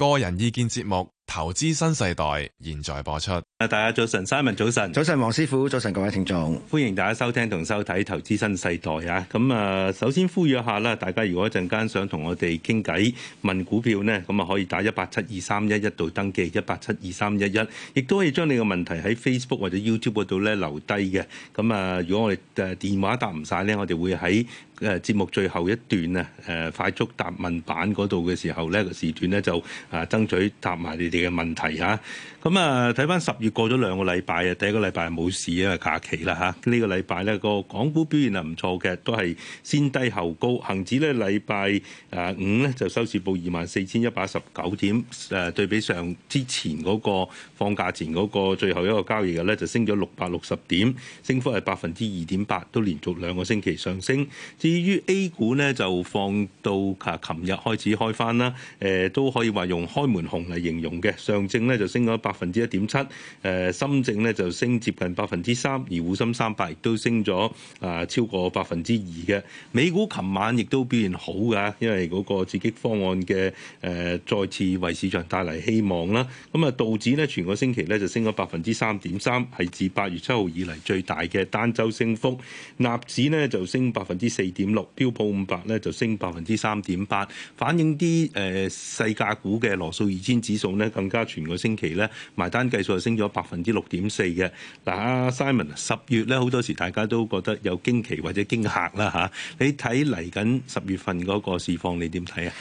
個人意見節目《投資新世代》現在播出。啊，大家早晨，Simon 早晨，早晨，黃師傅，早晨，各位聽眾，歡迎大家收聽同收睇《投資新世代》啊！咁啊，首先呼籲一下啦，大家如果一陣間想同我哋傾偈問股票呢，咁啊可以打一八七二三一一度登記，一八七二三一一，亦都可以將你嘅問題喺 Facebook 或者 YouTube 嗰度咧留低嘅。咁啊，如果我哋誒電話答唔晒呢，我哋會喺。誒節目最後一段啊，誒快速答問版嗰度嘅時候咧，個時段咧就啊爭取答埋你哋嘅問題吓。咁啊，睇翻十月過咗兩個禮拜啊，第一個禮拜冇事啊，假、這個、期啦嚇。呢個禮拜呢個港股表現係唔錯嘅，都係先低後高。恒指呢禮拜誒五呢就收市報二萬四千一百十九點，誒、呃、對比上之前嗰個放假前嗰個最後一個交易日呢，就升咗六百六十點，升幅係百分之二點八，都連續兩個星期上升。至於 A 股呢，就放到琴日開始開翻啦，誒、呃、都可以話用開門紅嚟形容嘅，上證呢就升咗百。百分之一點七，誒深證咧就升接近百分之三，而滬深三百亦都升咗啊超過百分之二嘅。美股琴晚亦都表現好㗎，因為嗰個刺激方案嘅誒再次為市場帶嚟希望啦。咁啊道指呢全個星期呢就升咗百分之三點三，係自八月七號以嚟最大嘅單周升幅。納指呢就升百分之四點六，標普五百呢就升百分之三點八，反映啲誒細價股嘅羅素二千指數呢更加全個星期呢。埋單計數就升咗百分之六點四嘅，嗱阿 Simon 十月咧好多時大家都覺得有驚奇或者驚嚇啦嚇，你睇嚟緊十月份嗰個市況你點睇啊？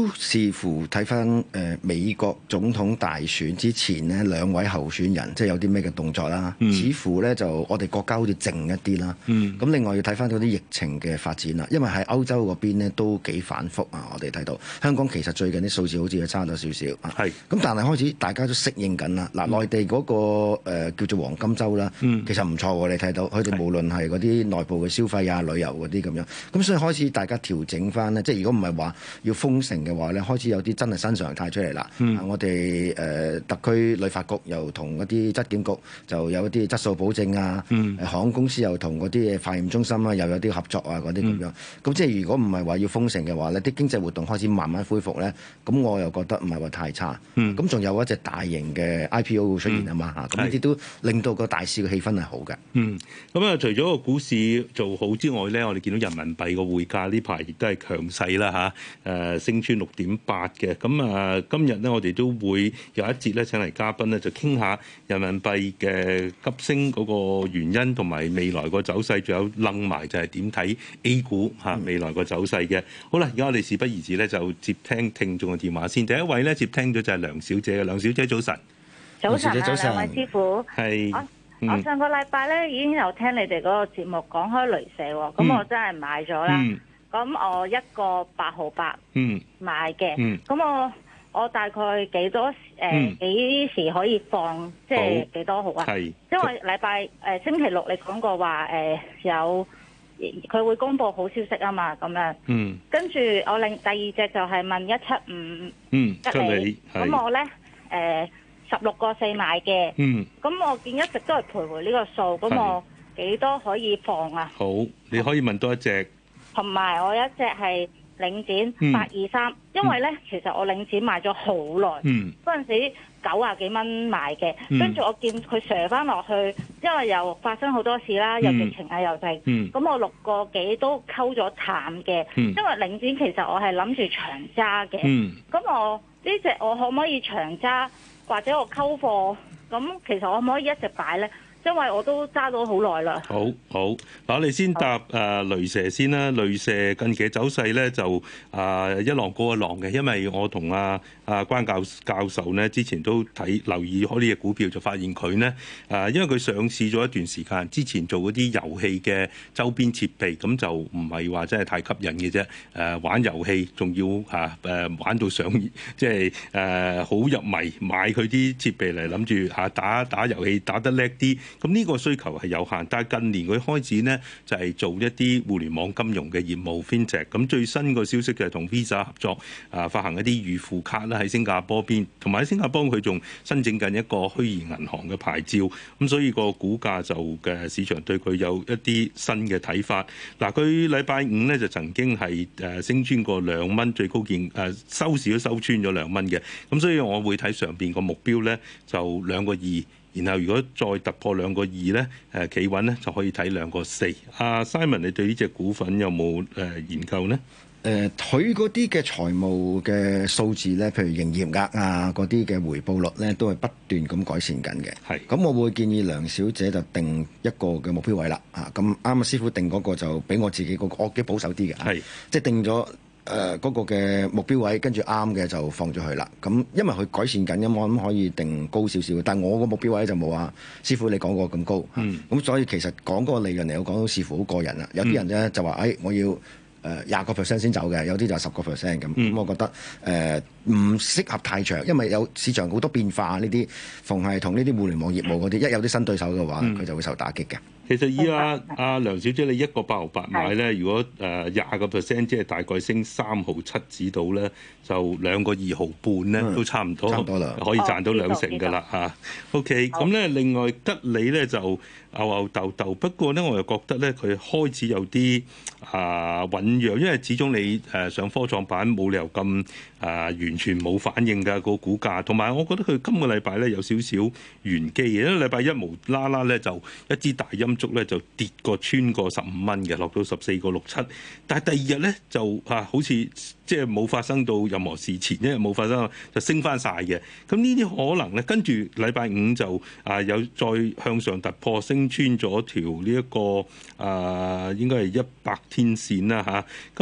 都視乎睇翻誒美國總統大選之前咧，兩位候選人即係有啲咩嘅動作啦。似乎呢，就我哋國家好似靜一啲啦。咁、嗯、另外要睇翻嗰啲疫情嘅發展啦，因為喺歐洲嗰邊咧都幾反覆啊。我哋睇到香港其實最近啲數字好似又差咗少少。係是。咁但係開始大家都適應緊啦。嗱，內地嗰個叫做黃金周啦，其實唔錯。你睇到佢哋無論係嗰啲內部嘅消費啊、旅遊嗰啲咁樣，咁所以開始大家調整翻呢，即係如果唔係話要封城嘅話咧，開始有啲真係新常態出嚟啦。 我哋誒特區旅發局又同一啲質檢局就有一啲質素保證啊。嗯、uh，航空公司又同嗰啲化驗中心啊，又有啲合作啊，嗰啲咁樣。咁即係如果唔係話要封城嘅話咧，啲經濟活動開始慢慢恢復咧，咁我又覺得唔係話太差。咁仲有一隻大型嘅 IPO 會出現啊嘛嚇。咁呢啲都令到個大市嘅氣氛係好嘅。嗯，咁啊，除咗個股市做好之外咧，我哋見到人民幣個匯價呢排亦都係強勢啦嚇。誒跌六點八嘅，咁啊，今日咧我哋都會有一節咧請嚟嘉賓咧，就傾下人民幣嘅急升嗰個原因，同埋未來個走勢，仲有愣埋就係點睇 A 股嚇未來個走勢嘅。好啦，而家我哋事不宜遲咧，就接聽聽眾嘅電話先。第一位咧接聽咗就係梁小姐嘅，梁小姐早晨，早晨早晨，兩位師傅，係我上個禮拜咧已經有聽你哋嗰個節目講開雷蛇喎，咁我真係買咗啦。咁我一個八號八嗯買嘅，咁我我大概幾多誒、呃嗯、幾時可以放？好即係幾多號啊？係是因為禮拜誒星期六你講過話誒、呃、有佢會公布好消息啊嘛，咁樣嗯，跟住我另第二隻就係問一七五嗯七四，咁我咧誒十六個四買嘅嗯，咁我見一直都係徘徊呢個數，咁我幾多可以放啊？好，你可以問多一隻。同埋我一隻係領展八二三，嗯、因為呢，其實我領展、嗯、買咗好耐，嗰陣時九啊幾蚊買嘅，跟住我見佢上翻落去，因為又發生好多事啦，又疫情啊，又剩、嗯，咁、嗯、我六個幾都溝咗淡嘅，嗯、因為領展其實我係諗住長揸嘅，咁、嗯、我呢隻、這個、我可唔可以長揸，或者我溝貨，咁其實我可唔可以一直擺呢？因為我都揸咗好耐啦。好好嗱，我哋先答誒雷蛇先啦。雷蛇近期嘅走勢咧就誒一浪過一浪嘅，因為我同阿阿關教教授咧之前都睇留意開呢隻股票，就發現佢咧誒，因為佢上市咗一段時間，之前做嗰啲遊戲嘅周邊設備，咁就唔係話真係太吸引嘅啫。誒玩遊戲仲要啊誒玩到上，即係誒好入迷，買佢啲設備嚟諗住啊打打遊戲打得叻啲。咁呢個需求係有限，但係近年佢開始呢就係、是、做一啲互聯網金融嘅業務。Fintech 咁最新個消息就係同 Visa 合作，啊發行一啲預付卡啦喺新加坡邊，同埋喺新加坡佢仲申請緊一個虛擬銀行嘅牌照。咁所以個股價就嘅、啊、市場對佢有一啲新嘅睇法。嗱佢禮拜五呢就曾經係誒升穿過兩蚊，最高見誒、啊、收市都收穿咗兩蚊嘅。咁所以我會睇上邊個目標呢，就兩個二。然後如果再突破兩個二咧，誒企穩咧就可以睇兩個四。阿、啊、Simon，你對呢隻股份有冇誒研究呢？誒、呃，佢嗰啲嘅財務嘅數字咧，譬如營業額啊，嗰啲嘅回報率咧，都係不斷咁改善緊嘅。係是。咁我會建議梁小姐就定一個嘅目標位啦。啊，咁啱啱師傅定嗰個就俾我自己個，我幾保守啲嘅。係是、啊。即係定咗。誒嗰、呃那個嘅目標位，跟住啱嘅就放咗佢啦。咁因為佢改善緊，咁我諗可以定高少少。但係我個目標位就冇啊。師傅你講過咁高，咁、嗯啊、所以其實講嗰個利潤嚟，我講似乎好過人啦。有啲人咧、嗯、就話，誒、哎，我要誒廿個 percent 先走嘅，有啲就係十個 percent 咁。咁我覺得誒唔、呃、適合太長，因為有市場好多變化。呢啲逢係同呢啲互聯網業務嗰啲，嗯、一有啲新對手嘅話，佢、嗯、就會受打擊嘅。其實依家阿梁小姐你一個八毫八買咧，嗯、如果誒廿個 percent，即係大概升三毫七指到咧，就兩個二毫半咧，嗯、都差唔多，差唔多，差唔多啦，可以賺到兩成嘅啦嚇。OK，咁咧另外吉利咧就，吽吽哣哣，不過咧，我又覺得咧，佢開始有啲啊醞釀，因為始終你誒、呃、上科創板冇理由咁啊、呃、完全冇反應㗎、個股價，同埋我覺得佢今個禮拜咧有少少玄機嘅，因為禮拜一無啦啦咧就一支大陰燭咧就跌過穿過十五蚊嘅，落到十四個六七，但係第二日咧就啊好似。即係冇發生到任何事前，因為冇發生就升翻晒嘅。咁呢啲可能咧，跟住禮拜五就啊有再向上突破，升穿咗條呢、這、一個啊應該係一百天線啦嚇。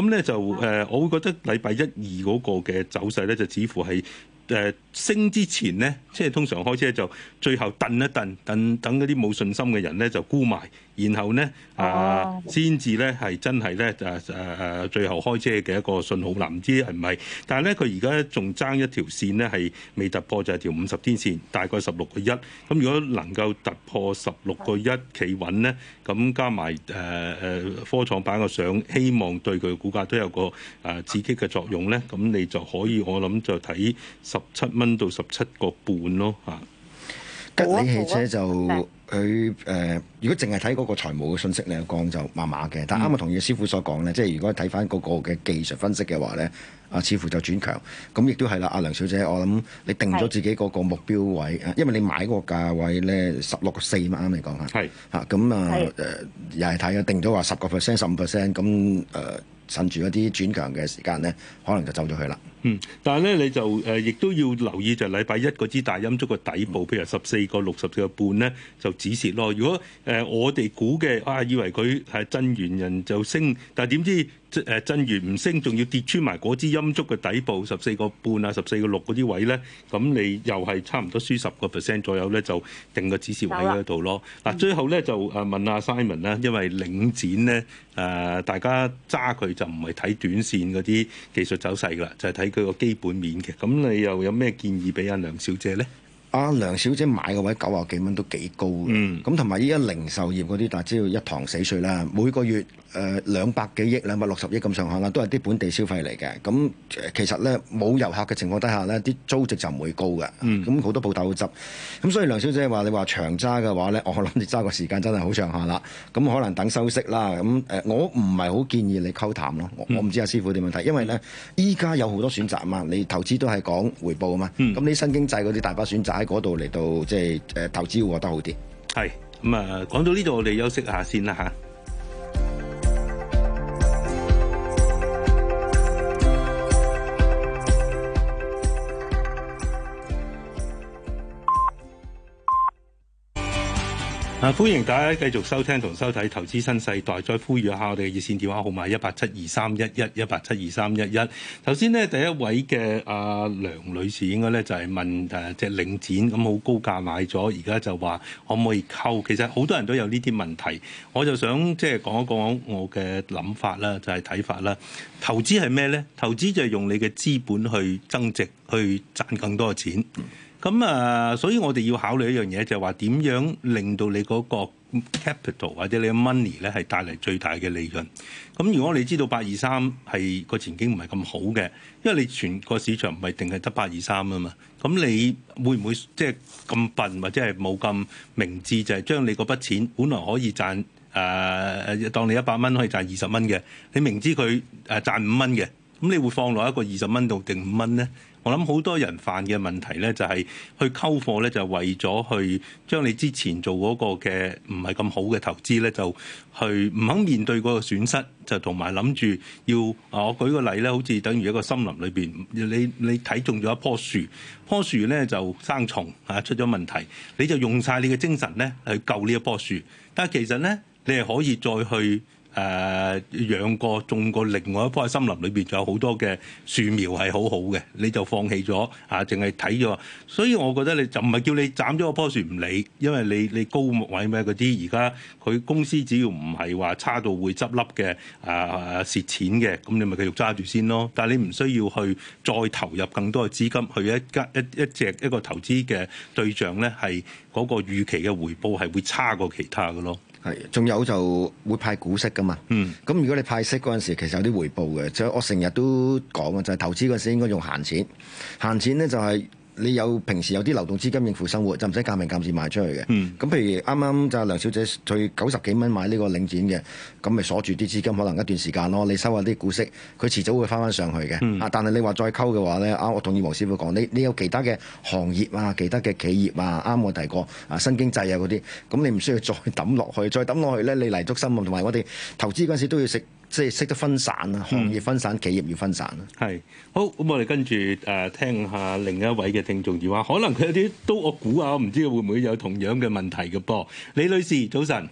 咁、啊、咧就誒、啊，我會覺得禮拜一二嗰個嘅走勢咧，就似乎係誒、啊、升之前咧。即係通常開車就最後頓一頓，等等嗰啲冇信心嘅人咧就沽埋，然後呢，呃、啊先至呢係真係呢就誒誒最後開車嘅一個信號啦。唔知係唔係？但係呢，佢而家仲爭一條線呢係未突破，就係條五十天線，大概十六個一。咁如果能夠突破十六個一企穩呢，咁加埋誒誒科創板個相，希望對佢股價都有個誒刺激嘅作用呢。咁你就可以我諗就睇十七蚊到十七個半。.咯吉利汽車就佢誒、呃，如果淨係睇嗰個財務嘅信息嚟講就麻麻嘅，但啱啱同意師傅所講呢，嗯、即係如果睇翻嗰個嘅技術分析嘅話呢，啊似乎就轉強，咁亦都係啦。阿梁小姐，我諗你定咗自己嗰個目標位，是因為你買嗰個價位呢，十六個四嘛，啱你講下。係嚇咁啊誒，嗯呃、是又係睇下，定咗話十個 percent、十五 percent 咁誒，趁住、呃、一啲轉強嘅時間呢，可能就走咗去啦。嗯，但係咧，你就誒亦、呃、都要留意就禮拜一嗰支大陰燭個底部，譬、嗯、如十四個六十四個半咧，就止蝕咯。如果誒、呃、我哋估嘅，啊以為佢係震元人就升，但係點知？即誒，正如唔升，仲要跌穿埋嗰支陰燭嘅底部，十四個半啊，十四個六嗰啲位咧，咁你又係差唔多輸十個 percent 左右咧，就定個指示位喺嗰度咯。嗱了，最後咧就誒問阿 Simon 啦，因為領展咧誒、呃，大家揸佢就唔係睇短線嗰啲技術走勢噶啦，就係睇佢個基本面嘅。咁你又有咩建議俾阿梁小姐咧？啊，梁小姐買嘅位九啊幾蚊都幾高嘅，咁同埋依家零售業嗰啲，但只要一堂死水啦，每個月誒兩百幾億、兩百六十億咁上下啦，都係啲本地消費嚟嘅。咁、嗯、其實呢，冇遊客嘅情況底下呢，啲租值就唔會高嘅。咁好、嗯、多鋪頭都執，咁所以梁小姐你話你話長揸嘅話呢，我諗你揸個時間真係好長下啦。咁、嗯嗯、可能等收息啦。咁、嗯、誒，我唔係好建議你溝談咯。我唔知阿、啊、師傅點樣睇，因為呢，依家有好多選擇啊嘛。你投資都係講回報啊嘛。咁你、嗯嗯嗯、新經濟嗰啲大把選擇，嗰度嚟到即係誒投資，會覺得好啲。係咁啊，講到呢度，我哋休息下先啦吓？歡迎大家繼續收聽同收睇《投資新世代》，再呼籲下我哋嘅熱線電話號碼一八七二三一一一八七二三一一。頭先呢，第一位嘅阿、啊、梁女士應該呢，應該咧，就係、是、問誒、隻、啊就是、領展咁好、嗯、高價買咗，而家就話可唔可以溝？其實好多人都有呢啲問題，我就想即係講一講我嘅諗法啦，就係、是、睇法啦。投資係咩呢？投資就係用你嘅資本去增值，去賺更多嘅錢。嗯咁啊、嗯，所以我哋要考慮一樣嘢，就係話點樣令到你嗰個 capital 或者你嘅 money 咧，係帶嚟最大嘅利潤。咁、嗯、如果你知道八二三係個前景唔係咁好嘅，因為你全個市場唔係定係淨係得八二三啊嘛。咁、嗯、你會唔會即係咁笨或者係冇咁明智，就係、是、將你嗰筆錢本來可以賺誒、呃、當你一百蚊可以賺二十蚊嘅，你明知佢誒賺五蚊嘅，咁你會放落一個二十蚊度定五蚊咧？我諗好多人犯嘅問題咧，就係去溝貨咧，就係為咗去將你之前做嗰個嘅唔係咁好嘅投資咧，就去唔肯面對嗰個損失，就同埋諗住要啊！我舉個例咧，好似等於一個森林裏邊，你你睇中咗一棵樹，樖樹咧就生蟲嚇出咗問題，你就用晒你嘅精神咧去救呢一棵樹，但係其實咧你係可以再去。誒、呃、養過種過另外一樖森林裏邊仲有好多嘅樹苗係好好嘅，你就放棄咗啊？淨係睇咗，所以我覺得你就唔係叫你斬咗嗰樖樹唔理，因為你你高位咩嗰啲，而家佢公司只要唔係話差到會執笠嘅啊蝕錢嘅，咁你咪繼續揸住先咯。但係你唔需要去再投入更多嘅資金去一間一一隻一個投資嘅對象咧，係嗰個預期嘅回報係會差過其他嘅咯。仲有就會派股息㗎嘛，咁、嗯、如果你派息嗰陣時，其實有啲回報嘅，所以我成日都講啊，就係、就是、投資嗰陣時應該用閒錢，閒錢咧就係、是。你有平時有啲流動資金應付生活就唔使革命咁賤賣出去嘅。咁、嗯、譬如啱啱就梁小姐喺九十幾蚊買呢個領展嘅，咁咪鎖住啲資金，可能一段時間咯。你收下啲股息，佢遲早會翻翻上去嘅。嗯、啊，但係你再話再溝嘅話咧，啊，我同意黃師傅講，你你有其他嘅行業啊，其他嘅企業啊，啱我提過啊，新經濟啊嗰啲，咁你唔需要再抌落去，再抌落去咧，你泥足深陷啊，同埋我哋投資嗰陣時都要食。即係識得分散啦，行業、嗯、分散，企業要分散啦。係，好，咁我哋跟住誒、呃、聽下另一位嘅聽眾嘅話，可能佢有啲都我估啊，我唔知佢會唔會有同樣嘅問題嘅噃。李女士，早晨。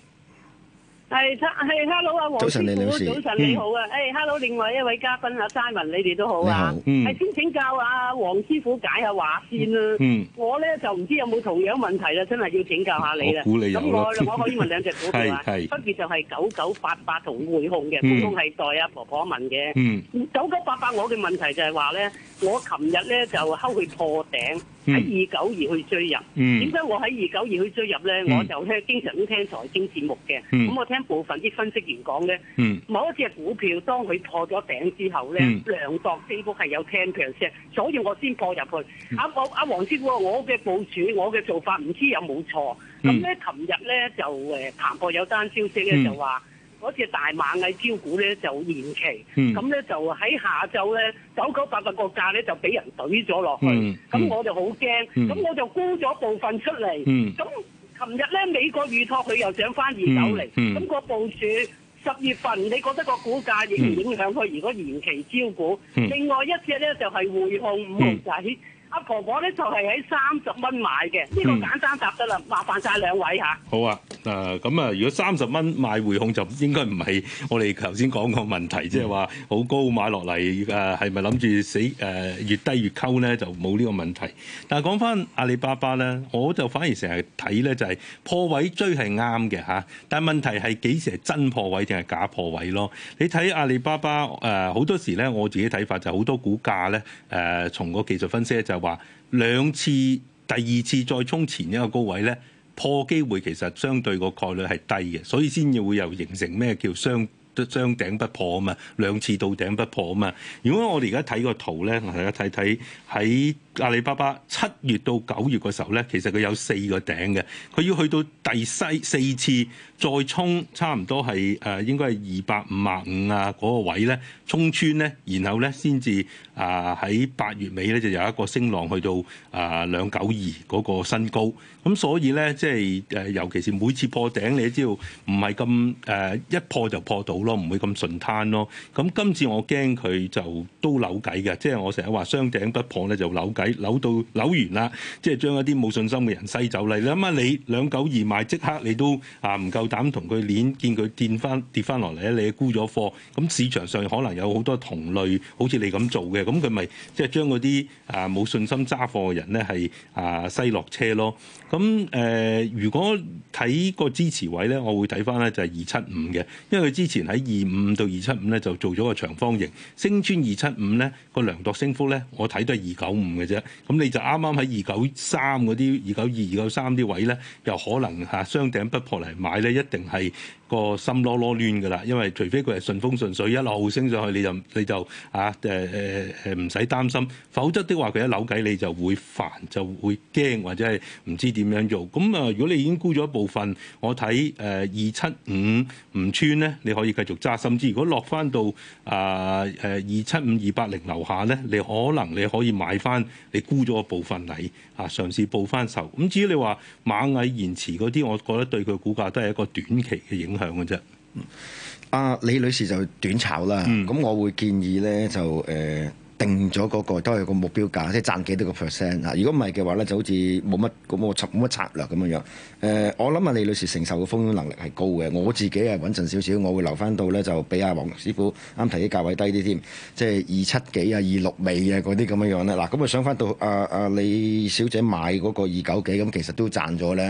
係，係、hey,，hello 啊，黃師傅，早晨，你，你好啊，哎、嗯 hey,，hello，另外一位嘉賓啊，Simon，你哋都好啊，係先、嗯 hey, 請教阿黃師傅解，解下話先啦、啊，嗯嗯、我咧就唔知有冇同樣問題啦，真係要請教下你啦，咁我我，我可以問兩隻股票啊，分 是別就係九九八八同匯控嘅，嗯、普通係代阿婆婆問嘅，九九八八我嘅問題就係話咧，我琴日咧就拋佢破頂。喺二九二去追入，點解我喺二九二去追入咧？我就咧經常都聽財經節目嘅，咁我聽部分啲分析員講咧，某一隻股票當佢破咗頂之後咧，量度升幅係有 percentage，所以我先破入去。阿我阿黃師傅話：我嘅部署，我嘅做法，唔知有冇錯？咁咧，琴日咧就誒，談過有單消息咧，就話。嗰隻大螞蟻招股咧就延期，咁咧、嗯、就喺下晝咧九九八個價咧就俾人懟咗落去，咁、嗯嗯、我就好驚，咁、嗯、我就沽咗部分出嚟，咁琴、嗯、日咧美國預託佢又漲返二九零，咁、嗯、個部署十月份你覺得個股價影唔影響佢？嗯、如果延期招股，嗯、另外一隻咧就係、是、匯控五號仔。嗯嗯阿婆婆咧就係喺三十蚊買嘅，呢個、嗯、簡單答得啦，麻煩晒兩位嚇。好啊，嗱咁啊，如果三十蚊買匯控就應該唔係我哋頭先講個問題，即係話好高買落嚟誒，係咪諗住死誒、呃、越低越溝咧？就冇呢個問題。但係講翻阿里巴巴咧，我就反而成日睇咧就係破位追係啱嘅嚇，但係問題係幾時係真破位定係假破位咯？你睇阿里巴巴誒好、呃、多時咧，我自己睇法就好多股價咧誒、呃、從個技術分析就是。話兩次，第二次再衝前一個高位咧，破機會其實相對個概率係低嘅，所以先至會又形成咩叫雙雙頂不破啊嘛，兩次到頂不破啊嘛。如果我哋而家睇個圖咧，大家睇睇喺。阿里巴巴七月到九月嘅時候咧，其實佢有四個頂嘅，佢要去到第四次四次再衝差唔多係誒、呃、應該係二百五十五啊嗰個位咧，衝穿咧，然後咧先至啊喺八月尾咧就有一個升浪去到啊兩九二嗰個新高。咁所以咧即係誒尤其是每次破頂你都知道唔係咁誒一破就破到咯，唔會咁順攤咯。咁今次我驚佢就都扭計嘅，即、就、係、是、我成日話雙頂不破咧就扭計。扭到扭完啦，即係將一啲冇信心嘅人篩走嚟。你諗下，你兩九二買即刻，你都啊唔夠膽同佢鏈，見佢跌翻跌翻落嚟咧，你沽咗貨。咁市場上可能有好多同類，好似你咁做嘅，咁佢咪即係將嗰啲啊冇信心揸貨嘅人咧，係啊篩落車咯。咁誒、呃，如果睇個支持位咧，我會睇翻咧就係二七五嘅，因為佢之前喺二五到二七五咧就做咗個長方形，升穿二七五咧個量度升幅咧，我睇都係二九五嘅啫。咁你就啱啱喺二九三嗰啲、二九二、二九三啲位咧，又可能吓雙頂不破嚟買咧，一定係。個心囉囉亂噶啦，因為除非佢係順風順水一路升上去，你就你就啊誒誒誒唔使擔心；否則的話，佢一扭計你就會煩，就會驚或者係唔知點樣做。咁啊，如果你已經沽咗一部分，我睇誒二七五唔穿咧，你可以繼續揸。甚至如果落翻到啊誒二七五二八零樓下咧，你可能你可以買翻你沽咗個部分嚟啊嘗試報翻仇。咁至於你話螞蟻延遲嗰啲，我覺得對佢股價都係一個短期嘅影響。咁啫。嗯， 阿、啊、李女士就短炒啦。嗯，咁我會建議咧，就誒、呃、定咗嗰、那個都係個目標價，即、就、係、是、賺幾多個 percent 啊？如果唔係嘅話咧，就好似冇乜咁樣策冇乜策略咁樣樣。誒、啊，我諗啊，李女士承受嘅風險能力係高嘅。我自己係穩陣少少，我會留翻到咧，就俾阿黃師傅啱提啲價位低啲添，即、就、係、是、二七幾啊、二六尾啊嗰啲咁樣樣咧。嗱、啊，咁啊想翻到阿阿李小姐買嗰個二九幾，咁其實都賺咗咧，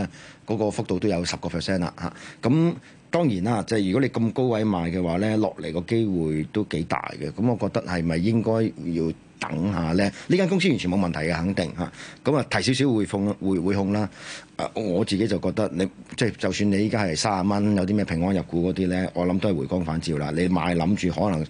嗰、那個幅度都有十個 percent 啦。嚇、啊，咁、啊。當然啦，即係如果你咁高位賣嘅話咧，落嚟個機會都幾大嘅。咁我覺得係咪應該要？等下咧，呢間公司完全冇問題嘅，肯定嚇。咁、嗯、啊，提少少匯控，匯、匯控啦。誒、呃，我自己就覺得你即係就算你依家係三十蚊，有啲咩平安入股嗰啲咧，我諗都係回光返照啦。你買諗住可能誒、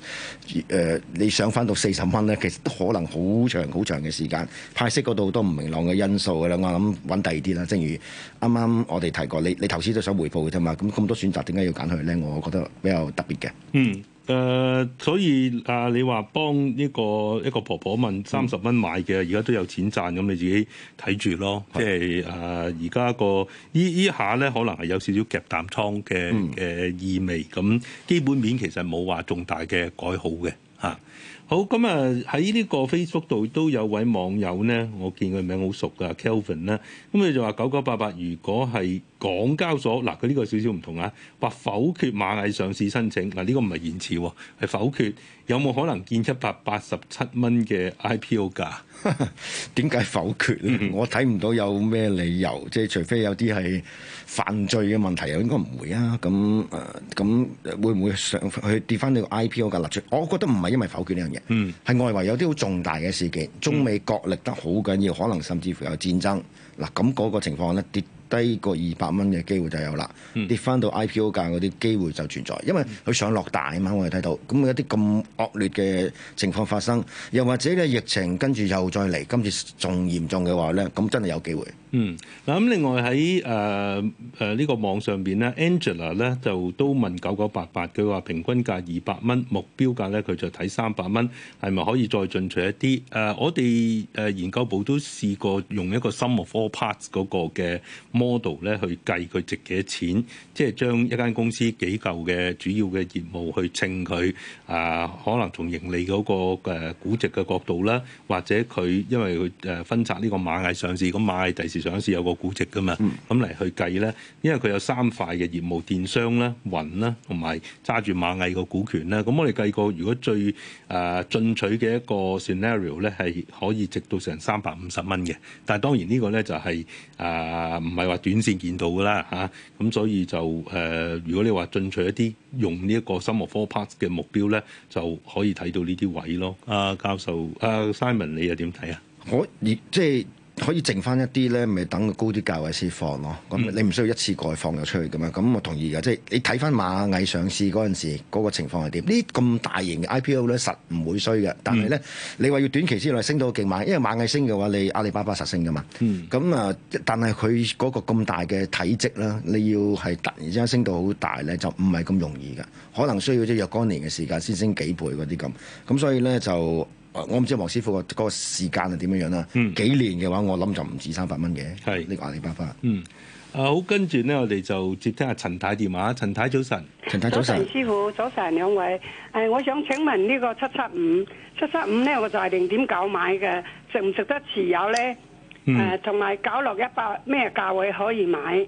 呃、你想翻到四十蚊咧，其實都可能好長好長嘅時間。派息嗰度都唔明朗嘅因素嘅啦。我諗揾第二啲啦，正如啱啱我哋提過，你你頭先都想回報嘅啫嘛。咁咁多選擇，點解要揀佢咧？我覺得比較特別嘅。嗯。誒、呃，所以啊、呃，你話幫呢個一個婆婆問三十蚊買嘅，而家、嗯、都有錢賺，咁你自己睇住咯。是即係啊，而家個依依下咧，可能係有少少夾淡倉嘅誒意味。咁、嗯呃、基本面其實冇話重大嘅改好嘅嚇。啊好咁啊！喺呢個 Facebook 度都有位網友咧，我見佢名好熟㗎 Kelvin 啦。咁佢就話：九九八八如果係港交所嗱，佢呢個少少唔同啊，話否決螞蟻上市申請。嗱，呢個唔係延遲喎，係否決。有冇可能見一百八十七蚊嘅 IPO 價？點解 否決咧？ 我睇唔到有咩理由，即係除非有啲係犯罪嘅問題，又應該唔會啊。咁咁、呃、會唔會上去跌翻呢個 IPO 嘅立出，我覺得唔係因為否決呢樣嘢，係外圍有啲好重大嘅事件，中美角力得好緊要，可能甚至乎有戰爭。嗱，咁嗰個情況咧跌。低過二百蚊嘅機會就有啦，跌翻到 IPO 價嗰啲機會就存在，因為佢想落大啊嘛，我哋睇到咁一啲咁惡劣嘅情況發生，又或者咧疫情跟住又再嚟，今次仲嚴重嘅話咧，咁真係有機會。嗯，嗱咁另外喺誒誒呢個網上邊咧，Angela 咧就都問九九八八，佢話平均價二百蚊，目標價咧佢就睇三百蚊，係咪可以再進取一啲？誒、呃，我哋誒研究部都試過用一個 Sum of All Parts 嘅。model 咧去計佢值幾多錢，即係將一間公司幾嚿嘅主要嘅業務去稱佢啊，可能從盈利嗰、個、呃、估值嘅角度啦，或者佢因為佢誒分拆呢個螞蟻上市，咁螞蟻第時上市有個估值㗎嘛，咁嚟、嗯、去計咧，因為佢有三塊嘅業務，電商啦、雲啦，同埋揸住螞蟻個股權啦，咁我哋計過，如果最誒、呃、進取嘅一個 scenario 咧，係可以值到成三百五十蚊嘅，但係當然呢個咧就係啊唔係。呃係話短線見到噶啦嚇，咁、啊、所以就誒、呃，如果你話進取一啲，用呢一個生物科 part 嘅目標咧，就可以睇到呢啲位咯。啊，教授，阿、啊、Simon 你又點睇啊？可以，即係。可以剩翻一啲咧，咪等高啲價位先放咯。咁、mm. 你唔需要一次過放咗出去噶嘛？咁我同意噶，即、就、係、是、你睇翻螞蟻上市嗰陣時嗰、那個情況係點？呢咁大型嘅 IPO 咧實唔會衰嘅，但係咧、mm. 你話要短期之內升到勁猛，因為螞蟻升嘅話，你阿里巴巴實升噶嘛。咁啊，但係佢嗰個咁大嘅體積啦，你要係突然之間升到好大咧，就唔係咁容易嘅，可能需要即係若干年嘅時間先升幾倍嗰啲咁。咁所以咧就。我唔知黃師傅個嗰個時間係點樣啦。嗯、幾年嘅話我，我諗就唔止三百蚊嘅。係呢個阿里巴巴。嗯。啊好，跟住咧，我哋就接聽下陳太電話。陳太早晨。陳太早晨。陳師傅早晨，兩位。誒、呃，我想請問個7 75, 7 75呢個七七五，七七五咧，我就係零點九買嘅，值唔值得持有咧？誒、嗯，同埋九六一百咩價位可以買？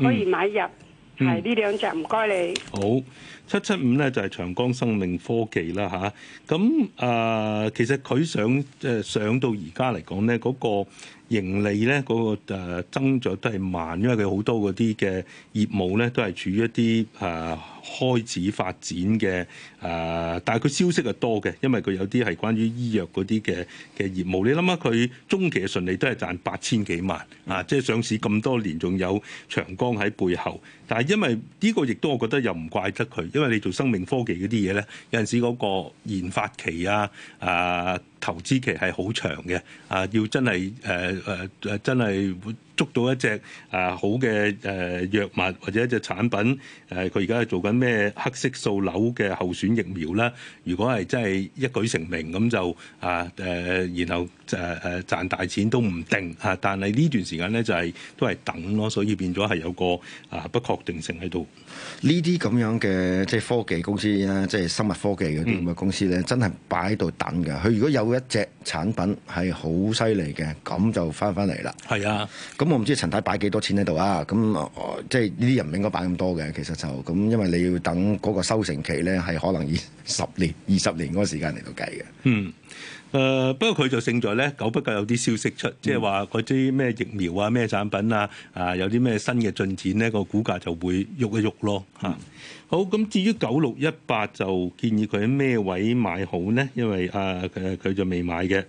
可以買入？係呢、嗯、兩隻，唔該你。好。七七五咧就係長江生命科技啦，吓。咁啊、呃、其實佢上誒上到而家嚟講咧，嗰個盈利咧嗰個誒、呃、增長都係慢，因為佢好多嗰啲嘅業務咧都係處於一啲誒。呃開始發展嘅誒、呃，但係佢消息係多嘅，因為佢有啲係關於醫藥嗰啲嘅嘅業務。你諗下，佢中期嘅純利都係賺八千幾萬啊！即係上市咁多年，仲有長江喺背後。但係因為呢個亦都我覺得又唔怪得佢，因為你做生命科技嗰啲嘢咧，有陣時嗰個研發期啊、啊投資期係好長嘅啊，要真係誒誒誒真係。捉到一隻誒好嘅，誒藥物或者一隻產品。誒佢而家係做緊咩黑色素瘤嘅候選疫苗咧？如果係真係一舉成名咁就啊誒然後誒誒賺大錢都唔定嚇。但係呢段時間咧就係、是、都係等咯，所以變咗係有個啊不確定性喺度。呢啲咁樣嘅即係科技公司啊，即係生物科技嗰啲咁嘅公司咧，嗯、真係擺喺度等嘅。佢如果有一隻產品係好犀利嘅，咁就翻翻嚟啦。係啊，咁。我唔知陳太擺幾多錢喺度啊！咁即係呢啲人唔應該擺咁多嘅。其實就咁，因為你要等嗰個收成期咧，係可能以十年、二十年嗰個時間嚟到計嘅。嗯，誒、呃、不過佢就勝在咧，久不久有啲消息出，即係話嗰啲咩疫苗啊、咩產品啊，啊有啲咩新嘅進展呢，個股價就會喐一喐咯嚇。嗯、好，咁至於九六一八就建議佢喺咩位買好呢？因為啊，佢、呃、佢就未買嘅。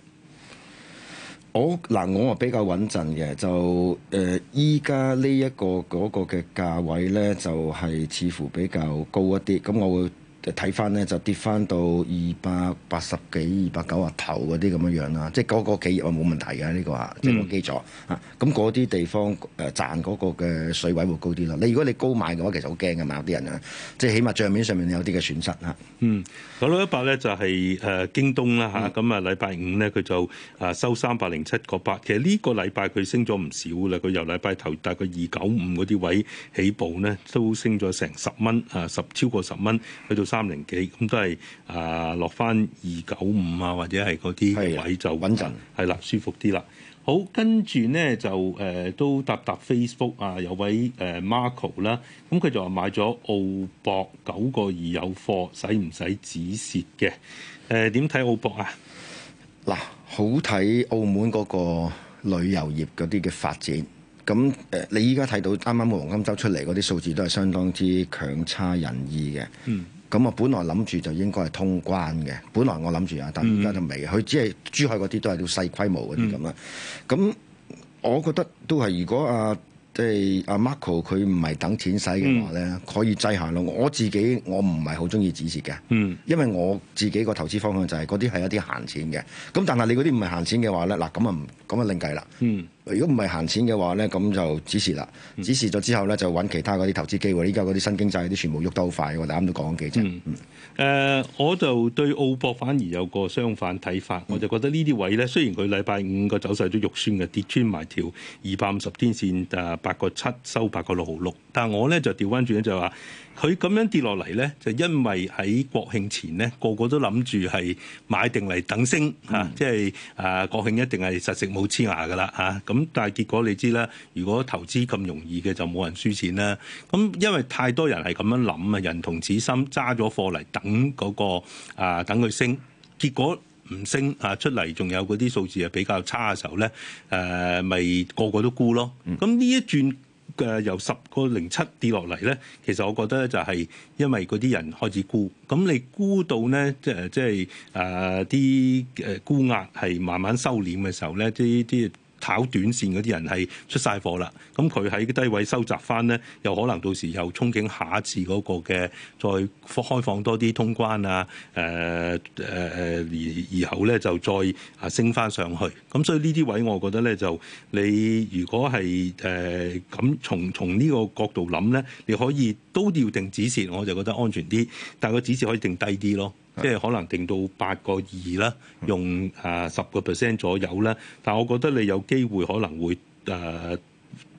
我嗱，oh，我啊比較穩陣嘅，就誒而家呢一個嗰個嘅價位咧，就係、是，似乎比較高一啲，咁我會。睇翻咧，就跌翻到二百八十幾、二百九啊頭嗰啲咁樣樣啦，即係嗰個企業啊冇問題嘅呢個啊，即係冇基礎嚇。咁嗰啲地方誒賺嗰個嘅水位會高啲咯。你如果你高買嘅話，其實好驚嘅嘛有啲人啊，即係起碼帳面上面有啲嘅損失嚇。嗯，九六一八咧就係誒京東啦嚇，咁啊禮拜五咧佢就啊收三百零七個八。其實呢個禮拜佢升咗唔少啦，佢由禮拜頭大概二九五嗰啲位起步咧，都升咗成十蚊啊，十超過十蚊去到。三零幾咁都係啊、呃，落翻二九五啊，或者係嗰啲位就穩陣係啦，舒服啲啦。好，跟住呢，就誒、呃、都搭搭 Facebook 啊，有位誒 Marco 啦、啊，咁佢就話買咗澳博九個二有貨，使唔使止蝕嘅？誒點睇澳博啊？嗱，好睇澳門嗰個旅遊業嗰啲嘅發展。咁誒、呃，你依家睇到啱啱個黃金週出嚟嗰啲數字都係相當之強差人意嘅。嗯。Mm. 咁啊，本來諗住就應該係通關嘅。本來我諗住啊，但而家就未。佢只係珠海嗰啲都係啲細規模嗰啲咁啦。咁、嗯、我覺得都係，如果啊，即係阿 Marco 佢唔係等錢使嘅話咧，嗯、可以制下咯。我自己我唔係好中意指示嘅，嗯、因為我自己個投資方向就係嗰啲係一啲閒錢嘅。咁但係你嗰啲唔係閒錢嘅話咧，嗱咁啊唔咁啊另計啦。如果唔係閒錢嘅話咧，咁就止蝕啦。止蝕咗之後咧，就揾其他嗰啲投資機會。依家嗰啲新經濟啲全部喐得好快，我哋啱都講咗幾次。嗯，誒、嗯呃，我就對澳博反而有個相反睇法。我就覺得呢啲位咧，雖然佢禮拜五個走勢都肉酸嘅，跌穿埋條二百五十天線，誒八個七收八個六毫六，但係我咧就調翻轉咧就話、是。佢咁樣跌落嚟咧，就因為喺國慶前咧，個個都諗住係買定嚟等升嚇，即係、嗯、啊國慶一定係實食冇黐牙噶啦嚇。咁、啊、但係結果你知啦，如果投資咁容易嘅就冇人輸錢啦。咁、啊、因為太多人係咁樣諗啊，人同此心揸咗貨嚟等嗰、嗰個啊等佢升，結果唔升啊出嚟仲有嗰啲數字係比較差嘅時候咧，誒、啊、咪個個都沽咯。咁呢、嗯、一轉。嘅由十個零七跌落嚟咧，其實我覺得就係因為嗰啲人開始沽，咁你沽到咧即係即係誒啲誒沽壓係慢慢收斂嘅時候咧，啲、就、啲、是。就是炒短線嗰啲人係出晒貨啦，咁佢喺低位收集翻咧，又可能到時又憧憬下一次嗰個嘅再開放多啲通關啊，誒誒誒，而、呃、後咧就再啊升翻上去。咁所以呢啲位，我覺得咧就你如果係誒咁，從從呢個角度諗咧，你可以都要定止蝕，我就覺得安全啲，但係個止蝕可以定低啲咯。即係可能定到八個二啦，用誒十個 percent 左右啦。但係我覺得你有機會可能會誒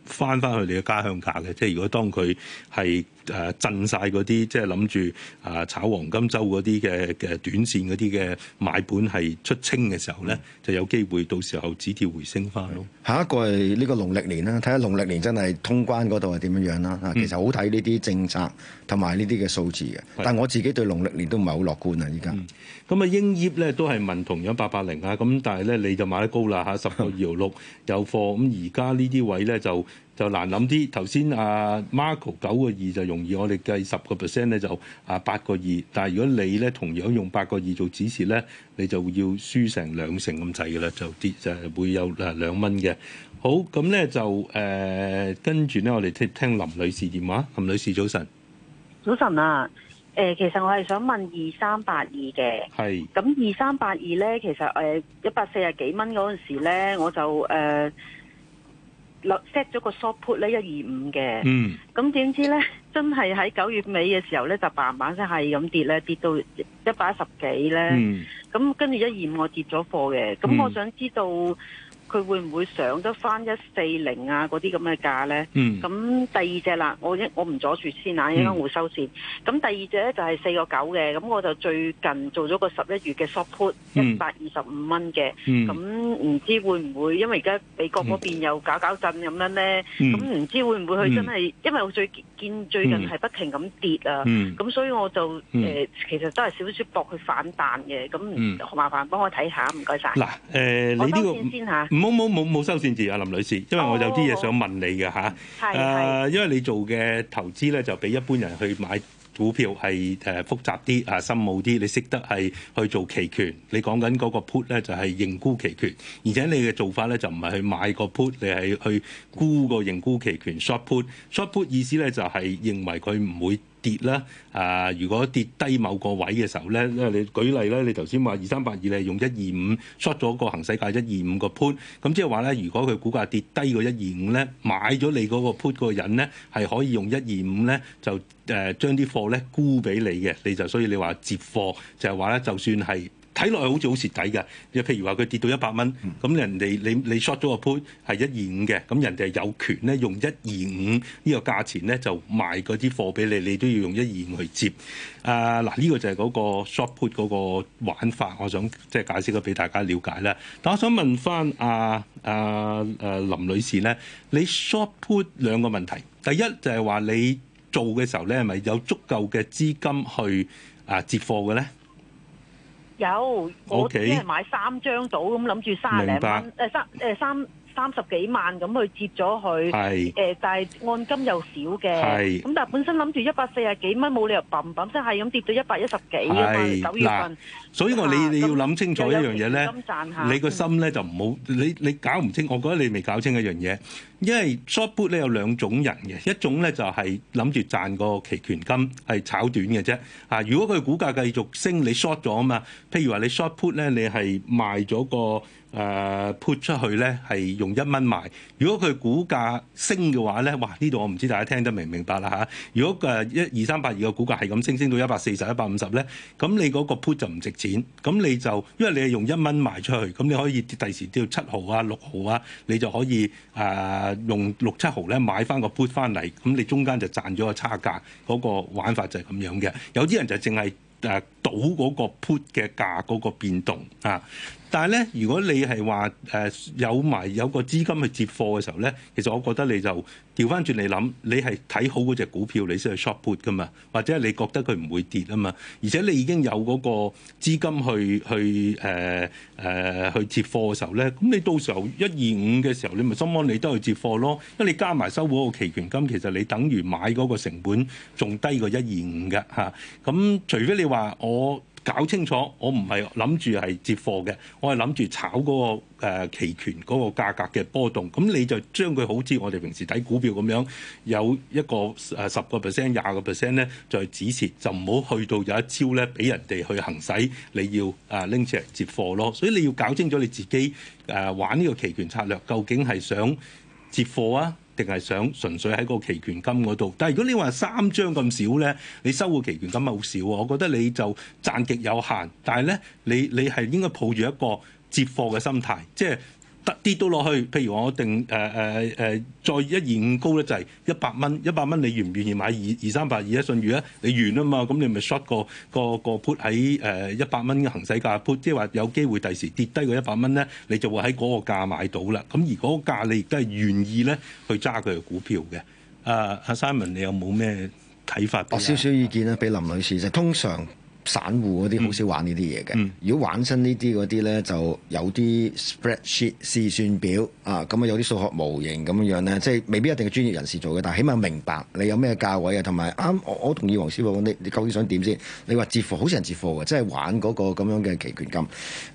翻翻去你嘅家鄉價嘅。即係如果當佢係。誒震晒嗰啲，即係諗住啊炒黃金周嗰啲嘅嘅短線嗰啲嘅買本係出清嘅時候咧，嗯、就有機會到時候止跌回升翻咯。下一個係呢個農曆年啦，睇下農曆年真係通關嗰度係點樣樣啦。其實好睇呢啲政策同埋呢啲嘅數字嘅。嗯、但係我自己對農曆年都唔係好樂觀啊！依家咁啊，英業咧都係問同樣八八零啊，咁但係咧你就買得高啦嚇，十個二毫六有貨。咁而家呢啲位咧就。就難諗啲，頭先阿 Marco 九個二就容易，我哋計十個 percent 咧就啊八個二，但係如果你咧同樣用八個二做指示咧，你就要輸成兩成咁滯嘅啦，就跌就係會有兩蚊嘅。好，咁咧就誒跟住咧，我哋聽，聽林女士電話。林女士早晨，早晨啊，誒、呃、其實我係想問二三八二嘅，係，咁二三八二咧，其實誒一百四十幾蚊嗰陣時咧，我就誒。呃落 set 咗個 support 咧一二五嘅，咁點知咧真係喺九月尾嘅時候咧就嘭嘭聲係咁跌咧跌到一百一十幾咧，咁跟住一二五我跌咗貨嘅，咁我想知道。嗯佢會唔會上得翻一四零啊嗰啲咁嘅價咧？咁第二隻啦，我一我唔阻住先啊，一間會收線。咁第二隻咧就係四個九嘅，咁我就最近做咗個十一月嘅 short put 一百二十五蚊嘅。咁唔知會唔會因為而家美國嗰邊又搞搞震咁樣咧？咁唔知會唔會佢真係因為我最見最近係不停咁跌啊。咁所以我就誒其實都係少少搏佢反彈嘅。咁麻煩幫我睇下，唔該晒。嗱誒，你呢個先嚇。冇冇冇冇收線字啊，林女士，因為我有啲嘢想問你嘅嚇，誒、哦，啊、因為你做嘅投資咧就比一般人去買股票係誒複雜啲啊，深奧啲，你識得係去做期權，你講緊嗰個 put 咧就係認沽期權，而且你嘅做法咧就唔係去買個 put，你係去沽個認沽期權 short put，short put 意思咧就係認為佢唔會。跌啦，啊、呃！如果跌低某個位嘅時候咧，因為你舉例咧，你頭先話二三八二你係用一二五 short 咗個行使價一二五個 put，咁即係話咧，如果佢股價跌低個一二五咧，買咗你嗰個 put 個人咧，係可以用一二五咧就誒、呃、將啲貨咧沽俾你嘅，你就所以你話接貨就係話咧，就算係。睇落去好似好蝕底嘅，又譬如話佢跌到一百蚊，咁、嗯、人哋你你 short 咗個 put 係一二五嘅，咁人哋係有權咧用一二五呢個價錢咧就賣嗰啲貨俾你，你都要用一二五去接。啊、呃，嗱、這、呢個就係嗰個 short put 嗰個玩法，我想即係解釋個俾大家了解啦。但我想問翻阿阿誒林女士咧，你 short put 兩個問題，第一就係話你做嘅時候咧係咪有足夠嘅資金去啊接貨嘅咧？有，我即係買三張到，咁諗住卅零蚊，誒，三 誒樂，三。 三十幾萬咁去接咗佢，誒但係按金又少嘅，咁但係本身諗住一百四十幾蚊冇理由揼揼，即係咁跌到一百一十幾啊！九月份，所以我你你要諗清楚一樣嘢咧，你個心咧就唔好，你你搞唔清，我覺得你未搞清一樣嘢，因為 short put 咧有兩種人嘅，一種咧就係諗住賺個期權金，係炒短嘅啫。啊，如果佢股價繼續升，你 short 咗啊嘛？譬如話你 short put 咧，你係賣咗個。誒、uh, put 出去咧係用一蚊買，如果佢股價升嘅話咧，哇！呢度我唔知大家聽得明唔明白啦嚇、啊。如果誒一二三八二嘅股價係咁升，升到一百四十、一百五十咧，咁你嗰個 put 就唔值錢，咁你就因為你係用一蚊買出去，咁你可以第時跌到七毫啊、六毫啊，你就可以誒、uh, 用六七毫咧買翻個 put 翻嚟，咁你中間就賺咗個差價。嗰、那個玩法就係咁樣嘅。有啲人就淨係誒賭嗰個 put 嘅價嗰、那個變動啊。但係咧，如果你係話誒有埋有個資金去接貨嘅時候咧，其實我覺得你就調翻轉嚟諗，你係睇好嗰隻股票，你先去 short put 噶嘛，或者你覺得佢唔會跌啊嘛，而且你已經有嗰個資金去去誒誒、呃呃、去接貨嘅時候咧，咁你到時候一二五嘅時候，你咪心安你都去接貨咯，因為你加埋收嗰個期權金，其實你等於買嗰個成本仲低過一二五嘅嚇，咁、啊、除非你話我。搞清楚，我唔係諗住係接貨嘅，我係諗住炒嗰、那個、呃、期權嗰個價格嘅波動。咁你就將佢好似我哋平時睇股票咁樣，有一個誒十個 percent、廿個 percent 咧，在止蝕，就唔、是、好去到有一朝咧俾人哋去行使，你要誒拎、呃、出嚟接貨咯。所以你要搞清楚你自己誒、呃、玩呢個期權策略究竟係想接貨啊？淨係想純粹喺個期權金嗰度，但係如果你話三張咁少咧，你收個期權金咪好少喎、哦？我覺得你就賺極有限，但係咧，你你係應該抱住一個接貨嘅心態，即係。跌到落去，譬如我定誒誒誒再一二五高咧，就係一百蚊，一百蚊你願唔願意買二二三百二一信譽啊？你完啊嘛，咁你咪 short 個個個 put 喺誒一百蚊嘅行使價 put，即係話有機會第時跌低個一百蚊咧，你就會喺嗰個價買到啦。咁而嗰個價你亦都係願意咧去揸佢嘅股票嘅。啊，阿 Simon 你有冇咩睇法？講少少意見啦，俾林女士先。通常。散戶嗰啲好少玩呢啲嘢嘅，嗯、如果玩新呢啲嗰啲呢，就有啲 spreadsheet 試算表啊，咁啊有啲數學模型咁樣呢，即係未必一定係專業人士做嘅，但係起碼明白你有咩價位啊，同埋啱我同意黃師傅講，你究竟想點先？你話接貨好似人接貨嘅，即係玩嗰個咁樣嘅期權金，誒、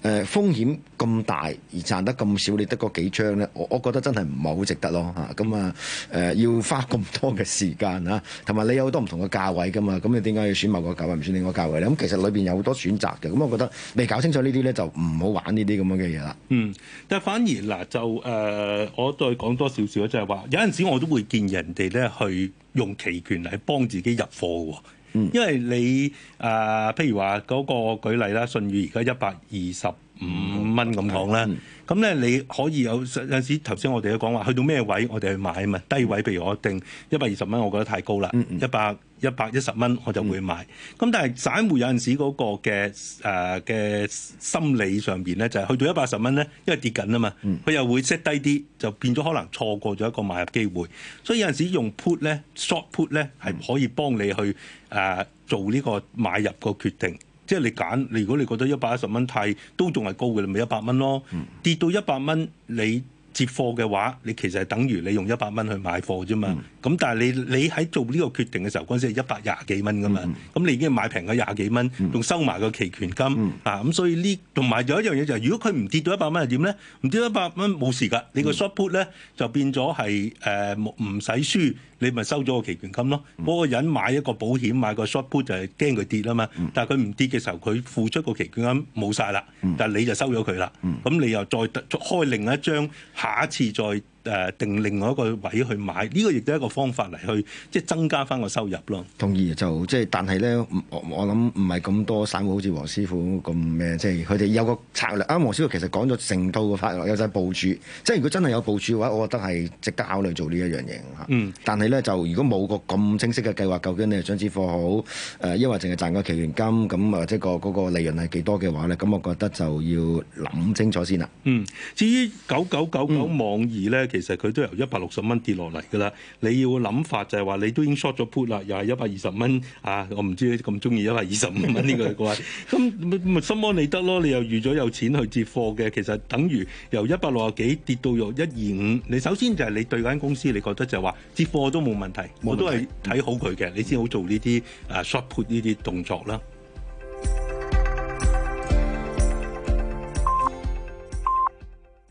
呃、風險咁大而賺得咁少，你得嗰幾張咧，我我覺得真係唔係好值得咯嚇，咁啊誒要花咁多嘅時間啊，同埋你有好多唔同嘅價位噶嘛，咁你點解要選某個價位唔選另外個價位呢？其實裏邊有好多選擇嘅，咁我覺得未搞清楚呢啲咧，就唔好玩呢啲咁樣嘅嘢啦。嗯，但反而嗱就誒、呃，我再講多少少，即係話有陣時我都會見人哋咧去用期權嚟幫自己入貨喎。嗯，因為你誒、呃，譬如話嗰個舉例啦，信譽而家一百二十。五蚊咁講啦，咁咧你可以有有陣時頭先我哋都講話，去到咩位我哋去買啊嘛？低位譬如我定一百二十蚊，我覺得太高啦，一百一百一十蚊我就會買。咁、嗯、但係散戶有陣時嗰個嘅誒嘅心理上邊咧，就係去到一百十蚊咧，因為跌緊啊嘛，佢、嗯、又會 set 低啲，就變咗可能錯過咗一個買入機會。所以有陣時用 put 咧、short put 咧，係可以幫你去誒、呃、做呢個買入個決定。即係你揀，你如果你覺得一百一十蚊太都仲係高嘅，咪一百蚊咯。跌到一百蚊，你接貨嘅話，你其實係等於你用一百蚊去買貨啫嘛。咁、嗯、但係你你喺做呢個決定嘅時候，嗰陣時係一百廿幾蚊噶嘛。咁、嗯、你已經買平咗廿幾蚊，仲、嗯、收埋個期權金、嗯、啊。咁所以呢，同埋有一樣嘢就係、是，如果佢唔跌到一百蚊係點咧？唔跌一百蚊冇事噶，你個 short put 咧就變咗係誒，唔、呃、使輸。你咪收咗個期權金咯，嗰、嗯、個人買一個保險買個 short put 就係驚佢跌啊嘛，嗯、但係佢唔跌嘅時候，佢付出個期權金冇晒啦，嗯、但係你就收咗佢啦，咁、嗯、你又再開另一張，下一次再。誒定另外一個位去買，呢個亦都係一個方法嚟去即係增加翻個收入咯。同意就即係，但係咧，我我諗唔係咁多。散戶好似黃師傅咁咩，即係佢哋有個策略。啱黃師傅其實講咗成套嘅法律，有晒部署。即係如果真係有部署嘅話，我覺得係值得考慮做呢一樣嘢嚇。但係咧就如果冇個咁清晰嘅計劃，究竟你係想置貨好誒，抑或淨係賺個期權金咁或者個嗰個利潤係幾多嘅話咧，咁我覺得就要諗清楚先啦。嗯，至於九九九九網易咧。其實佢都由一百六十蚊跌落嚟㗎啦，你要諗法就係話你都已經 short 咗 put 啦，又係一百二十蚊啊！我唔知你咁中意一百二十五蚊呢個價，咁咪 心安理得咯？你又預咗有錢去接貨嘅，其實等於由一百六十幾跌到由一二五，你首先就係你對嗰間公司，你覺得就係話接貨都冇問題，我都係睇好佢嘅，你先好做呢啲啊 short put 呢啲動作啦。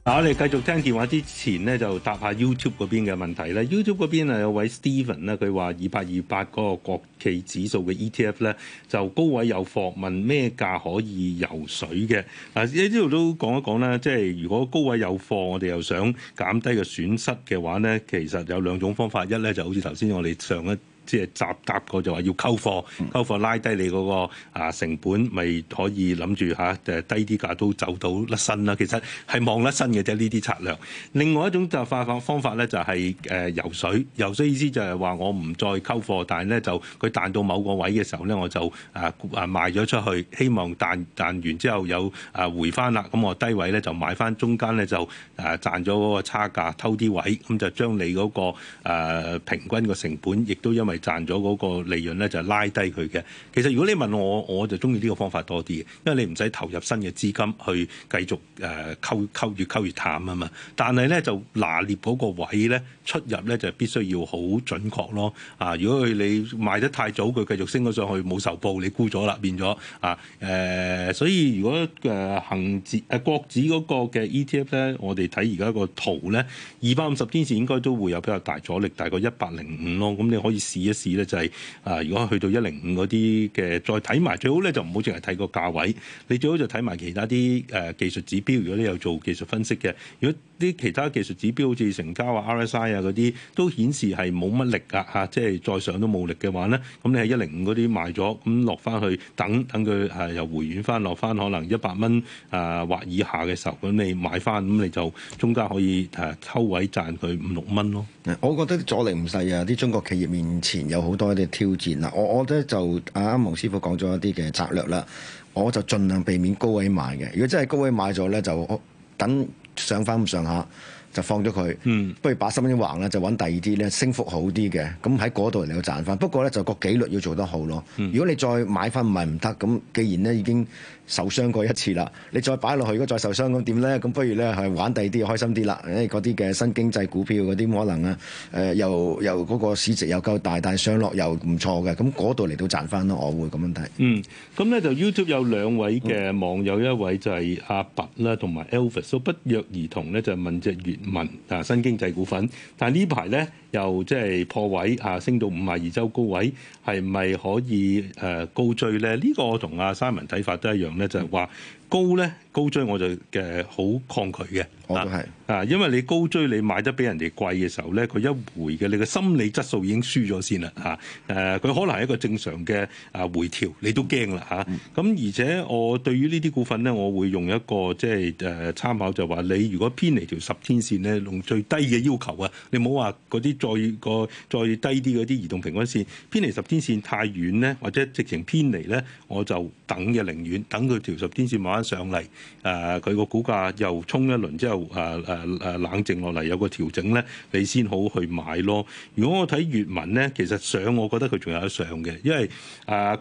嗱，我哋繼續聽電話之前咧，就答下 YouTube 嗰邊嘅問題咧。YouTube 嗰邊係有位 Steven 咧，佢話二八二八嗰個國企指數嘅 ETF 咧，就高位有貨，問咩價可以游水嘅。嗱，啊，呢度都講一講啦，即係如果高位有貨，我哋又想減低個損失嘅話咧，其實有兩種方法，一咧就好似頭先我哋上一。即係雜搭過就話要溝貨溝貨，拉低你嗰個啊成本，咪可以諗住吓，誒低啲價都走到甩身啦。其實係望甩身嘅啫，呢啲策略。另外一種就化法方法咧，就係誒游水。游水意思就係話我唔再溝貨，但係咧就佢彈到某個位嘅時候咧，我就啊啊賣咗出去，希望彈彈完之後有啊回翻啦。咁我低位咧就買翻，中間咧就誒賺咗嗰個差價偷啲位，咁就將你嗰、那個啊、呃、平均個成本，亦都因為。賺咗嗰個利潤咧，就係、拉低佢嘅。其實如果你問我，我就中意呢個方法多啲，因為你唔使投入新嘅資金去繼續誒、呃、溝越溝越溝越淡啊嘛。但係咧就拿捏嗰個位咧出入咧就必須要好準確咯啊！如果佢你賣得太早，佢繼續升咗上去冇仇報，你沽咗啦，變咗啊誒。所以如果誒恆指誒國指嗰個嘅 ETF 咧，我哋睇而家個圖咧，二百五十天線應該都會有比較大阻力，大概一百零五咯。咁你可以試。一試咧就係啊！如果去到一零五嗰啲嘅，再睇埋最好咧就唔好淨係睇個價位，你最好就睇埋其他啲誒技術指標。如果你有做技術分析嘅，如果啲其他技術指標好似成交啊、RSI 啊嗰啲都顯示係冇乜力噶嚇，即係再上都冇力嘅話咧，咁你喺一零五嗰啲賣咗，咁落翻去等等佢誒又回軟翻落翻可能一百蚊啊或以下嘅時候，咁你買翻，咁你就中間可以誒抽位賺佢五六蚊咯。我覺得阻力唔細啊，啲中國企業面前。有好多嘅挑戰啦，我我覺得就阿、啊、蒙師傅講咗一啲嘅策略啦，我就盡量避免高位買嘅，如果真係高位買咗咧，就等上翻咁上下就放咗佢，不如把心一橫啦，就揾第二啲咧升幅好啲嘅，咁喺嗰度你要賺翻。不過咧就個紀律要做得好咯，如果你再買翻唔係唔得，咁既然咧已經，受傷過一次啦，你再擺落去，如果再受傷咁點咧？咁不如咧係玩第啲開心啲啦！誒嗰啲嘅新經濟股票嗰啲，可能啊誒、呃、又又嗰個市值又夠大，但上落又唔錯嘅，咁嗰度嚟到賺翻咯，我會咁樣睇。嗯，咁咧就 YouTube 有兩位嘅網友，嗯、一位就係阿拔啦，同埋 Elvis，不約而同咧就問隻閲文啊新經濟股份，但呢排咧又即係破位，上、啊、升到五十二周高位，係咪可以誒高追咧？呃、呢、呢個我同阿 Simon 睇法都一樣。咧就係話。高呢，高追我就嘅好抗拒嘅，我都係啊，因為你高追你買得比人哋貴嘅時候呢，佢一回嘅你嘅心理質素已經輸咗先啦吓，誒、啊，佢、啊、可能係一個正常嘅啊回調你都驚啦吓，咁、啊嗯、而且我對於呢啲股份呢，我會用一個即係誒參考，就話，你如果偏離條十天線呢，用最低嘅要求啊，你唔好話嗰啲再個再低啲嗰啲移動平均線偏離十天線太遠呢，或者直情偏離呢，我就等嘅寧願等佢條十天線。翻上嚟，誒佢個股價又衝一輪之後，誒誒誒冷靜落嚟，有個調整咧，你先好去買咯。如果我睇粵文咧，其實上，我覺得佢仲有得上嘅，因為誒佢、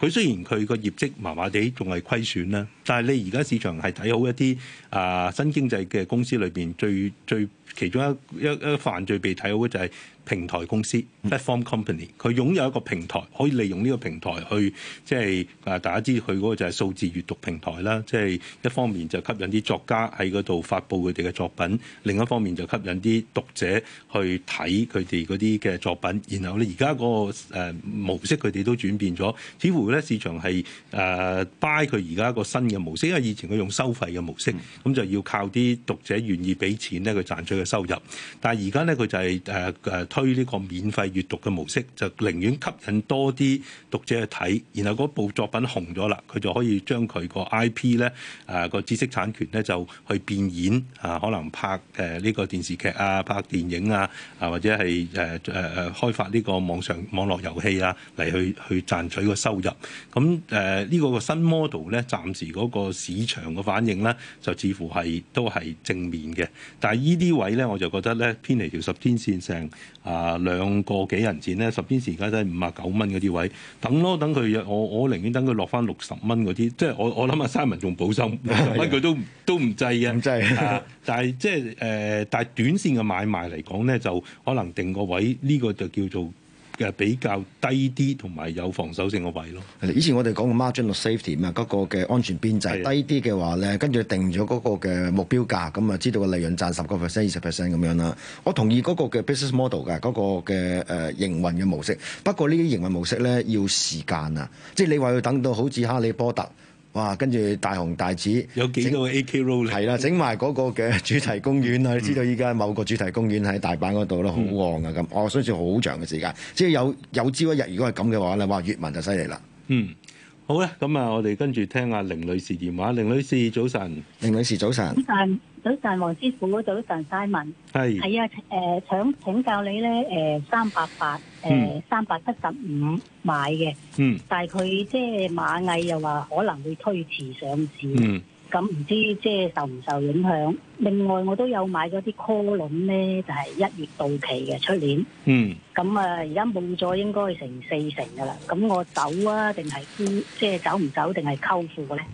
呃、雖然佢個業績麻麻地，仲係虧損啦，但係你而家市場係睇好一啲誒、呃、新經濟嘅公司裏邊，最最其中一一一個最被睇好嘅就係、是。平台公司 platform company，佢擁有一個平台，可以利用呢個平台去即係啊，大家知佢嗰個就係數字閱讀平台啦。即係一方面就吸引啲作家喺嗰度發佈佢哋嘅作品，另一方面就吸引啲讀者去睇佢哋嗰啲嘅作品。然後咧、那個，而家個誒模式佢哋都轉變咗，似乎咧市場係誒 buy 佢而家個新嘅模式，因為以前佢用收費嘅模式，咁就要靠啲讀者願意俾錢咧，佢賺取嘅收入。但係而家咧，佢就係誒誒。呃呃推呢個免費閱讀嘅模式，就寧願吸引多啲讀者去睇，然後嗰部作品紅咗啦，佢就可以將佢個 IP 咧，啊個知識產權咧就去變現。啊，可能拍誒呢、啊呢個電視劇啊，拍電影啊，啊或者係誒誒誒開發呢個網上網絡遊戲啊嚟去去賺取個收入。咁誒呢個新 model 咧，暫時嗰個市場嘅反應咧，就似乎係都係正面嘅。但係呢啲位咧，我就覺得咧偏離條十天線上。啊兩個幾人錢咧，十天前而家都係五啊九蚊嗰啲位，等咯，等佢。我我寧願等佢落翻六十蚊嗰啲，即係我我諗阿 Simon 仲保心，六十蚊佢都都唔制。嘅唔制。唔制但係即係誒，但係、呃、短線嘅買賣嚟講咧，就可能定個位，呢、呢個就叫做。嘅比較低啲，同埋有，有防守性嘅位咯。以前我哋講嘅 Margin of Safety 嘛，嗰個嘅安全邊際的低啲嘅話咧，跟住定咗嗰個嘅目標價，咁啊知道個利潤賺十個 percent、二十 percent 咁樣啦。我同意嗰個嘅 business model 嘅嗰個嘅誒、呃、營運嘅模式，不過呢啲營運模式咧要時間啊，即係你話要等到好似哈利波特。哇！跟住大紅大紫，有幾個 A K roll 咧？係啦，整埋嗰個嘅主題公園啊！ 你知道依家某個主題公園喺大阪嗰度都好旺啊！咁、 哦，我相信好長嘅時間，即係有有朝一日，如果係咁嘅話咧，哇！粵文就犀利啦！嗯，好啦，咁啊，我哋跟住聽下凌女士電話。凌女士，早晨。凌女士，早晨。早晨。早晨，黃師傅，早晨，曬文。係係啊，誒想請教你咧，誒三百八，誒三百七十五買嘅。嗯。但係佢即係螞蟻又話可能會推遲上市。嗯。咁唔知即係受唔受影響？另外我都有買嗰啲 call 輪咧，就係一月到期嘅出年。嗯。咁啊，而家冇咗應該成四成㗎啦。咁我走啊，定係即係走唔走定係溝貨咧？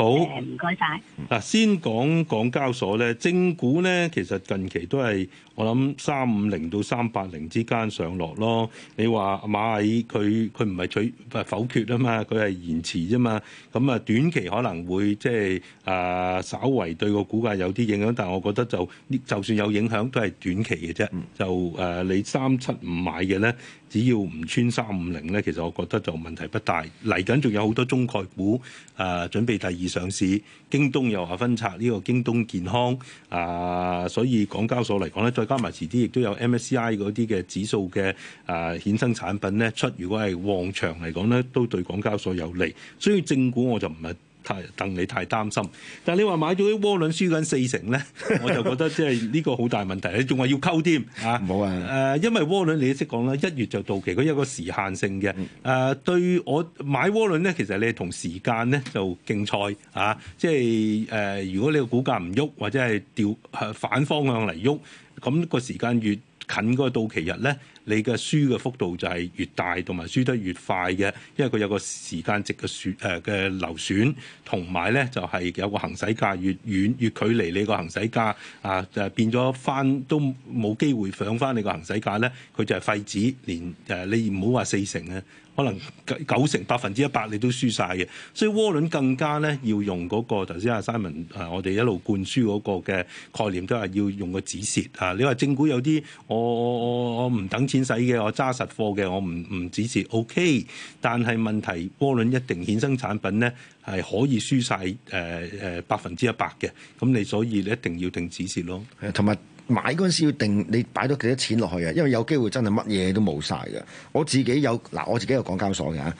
好，唔該曬。嗱，先講港交所咧，正股咧，其實近期都係。我諗三五零到三八零之間上落咯你。你話螞蟻，佢佢唔係取否決啊嘛，佢係延遲啫嘛。咁啊短期可能會即係啊稍微對個股價有啲影響，但係我覺得就就算有影響都係短期嘅啫。嗯、就誒你三七五買嘅咧，只要唔穿三五零咧，其實我覺得就問題不大。嚟緊仲有好多中概股啊、呃、準備第二上市，京東又話分拆呢、呢個京東健康啊、呃，所以港交所嚟講咧再加埋遲啲，亦都有 MSCI 嗰啲嘅指數嘅啊衍生產品咧出。如果係旺場嚟講咧，都對港交所有利，所以正股我就唔係太戥你太擔心。但係你話買咗啲窩輪，輸緊四成咧， 我就覺得即係呢個好大問題。你仲話要溝添 啊？冇啊？誒，因為窩輪你識講啦，一月就到期，佢有個時限性嘅誒、啊。對我買窩輪咧，其實你同時間咧就競賽啊。即係誒、呃，如果你個股價唔喐，或者係掉反方向嚟喐。咁個時間越近嗰個到期日咧，你嘅輸嘅幅度就係越大，同埋輸得越快嘅，因為佢有個時間值嘅損誒嘅流損，同埋咧就係有個行使價越遠越距離你個行使價啊，就變咗翻都冇機會上翻你個行使價咧，佢就係廢紙，連誒你唔好話四成啊。可能九成百分之一百你都輸晒嘅，所以渦輪更加咧要用嗰個頭先阿 Simon 誒，我哋一路灌輸嗰個嘅概念，都係要用個止蝕啊！你話正股有啲我我我我唔等錢使嘅，我揸實貨嘅，我唔唔止蝕 OK，但係問題，渦輪一定衍生產品咧係可以輸晒誒誒百分之一百嘅，咁你所以你一定要定止蝕咯，誒同埋。買嗰陣時要定你擺咗幾多錢落去啊！因為有機會真係乜嘢都冇晒嘅。我自己有嗱，我自己有港交所嘅嚇。誒、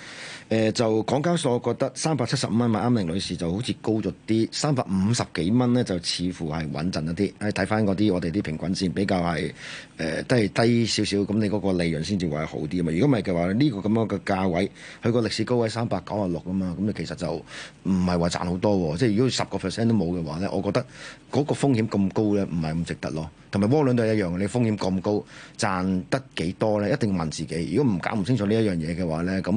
呃，就港交所，我覺得三百七十蚊嘛，啱玲女士就好似高咗啲。三百五十幾蚊咧，就似乎係穩陣一啲。誒，睇翻嗰啲我哋啲平均線比較係誒、呃、低低少少，咁你嗰個利潤先至會好啲啊嘛。如果唔係嘅話，呢個咁樣嘅價位，佢個歷史高位三百九啊六啊嘛，咁你其實就唔係話賺好多喎。即係如果十個 percent 都冇嘅話咧，我覺得嗰個風險咁高咧，唔係咁值得咯。同埋，窩輪都係一樣。你風險咁高，賺得幾多咧？一定要問自己。如果唔搞唔清楚呢一樣嘢嘅話咧，咁